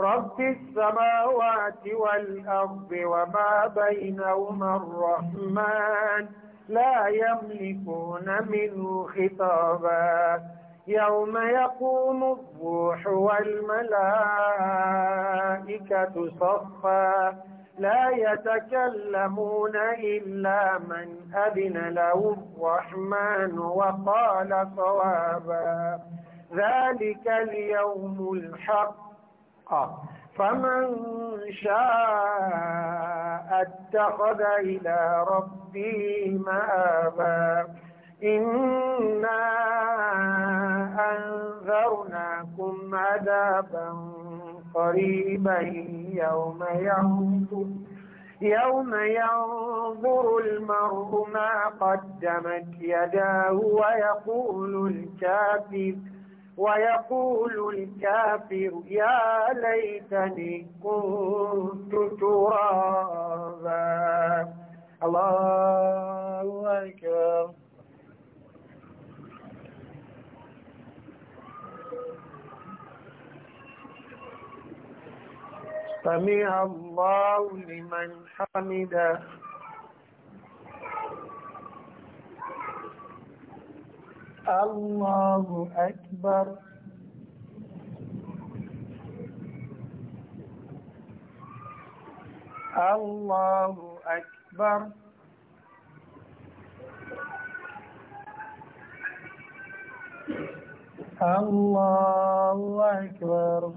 رب السماوات والأرض وما بينهما الرحمن لا يملكون منه خطابا يوم يقوم الروح والملائكة صفا لا يتكلمون إلا من أذن له الرحمن وقال صوابا ذلك اليوم الحق فمن شاء اتخذ إلى ربه مآبا إنا أنذرناكم عذابا قريبا يوم ينظر يوم ينظر المرء ما قدمت يداه ويقول الكافر ويقول الكافر يا ليتني كنت ترابا الله أكبر سمع الله لمن حمده الله أكبر الله أكبر الله أكبر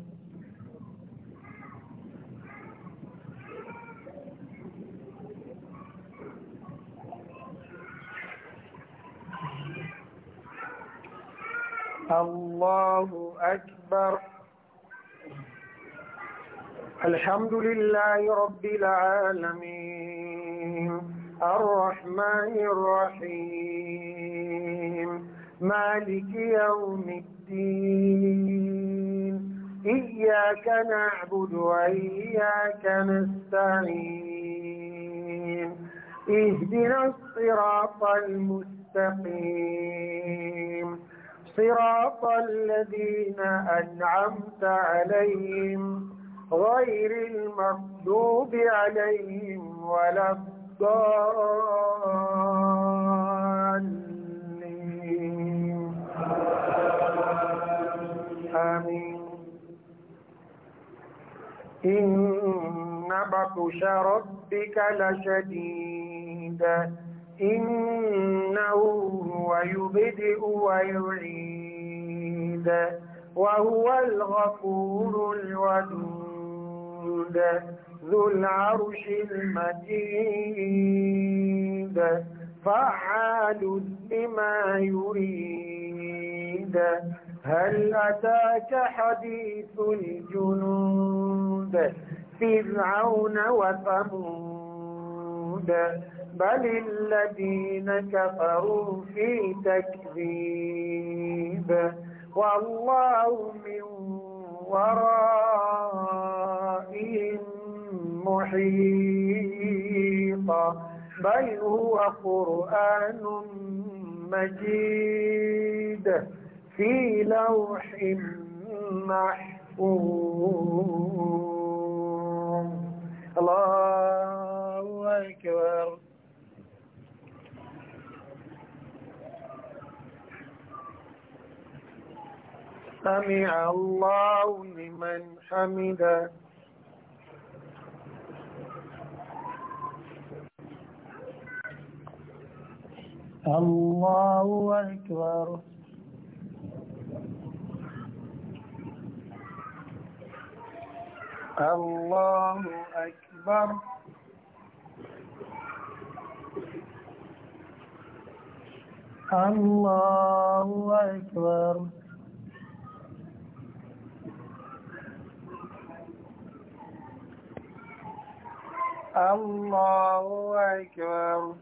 الله أكبر الحمد لله رب العالمين الرحمن الرحيم مالك يوم الدين إياك نعبد وإياك نستعين اهدنا الصراط المستقيم صراط الذين أنعمت عليهم غير المغضوب عليهم ولا الضالين آمين إن بطش ربك لشديد إنه ويبدئ ويعيد وهو الغفور الودود ذو العرش المجيد فعال لما يريد هل أتاك حديث الجنود فرعون وثمود بل الذين كفروا في تكذيب والله من ورائهم محيط بل هو قرآن مجيد في لوح محفوظ الله أكبر سمع الله لمن حمده الله أكبر الله أكبر الله أكبر الله أكبر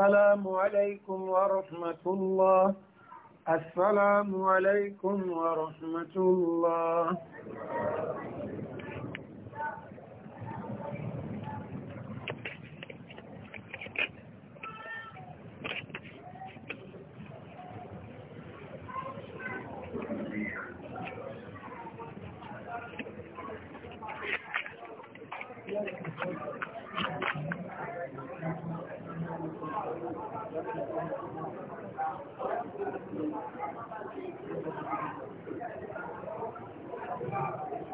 السلام عليكم ورحمة الله السلام عليكم ورحمة الله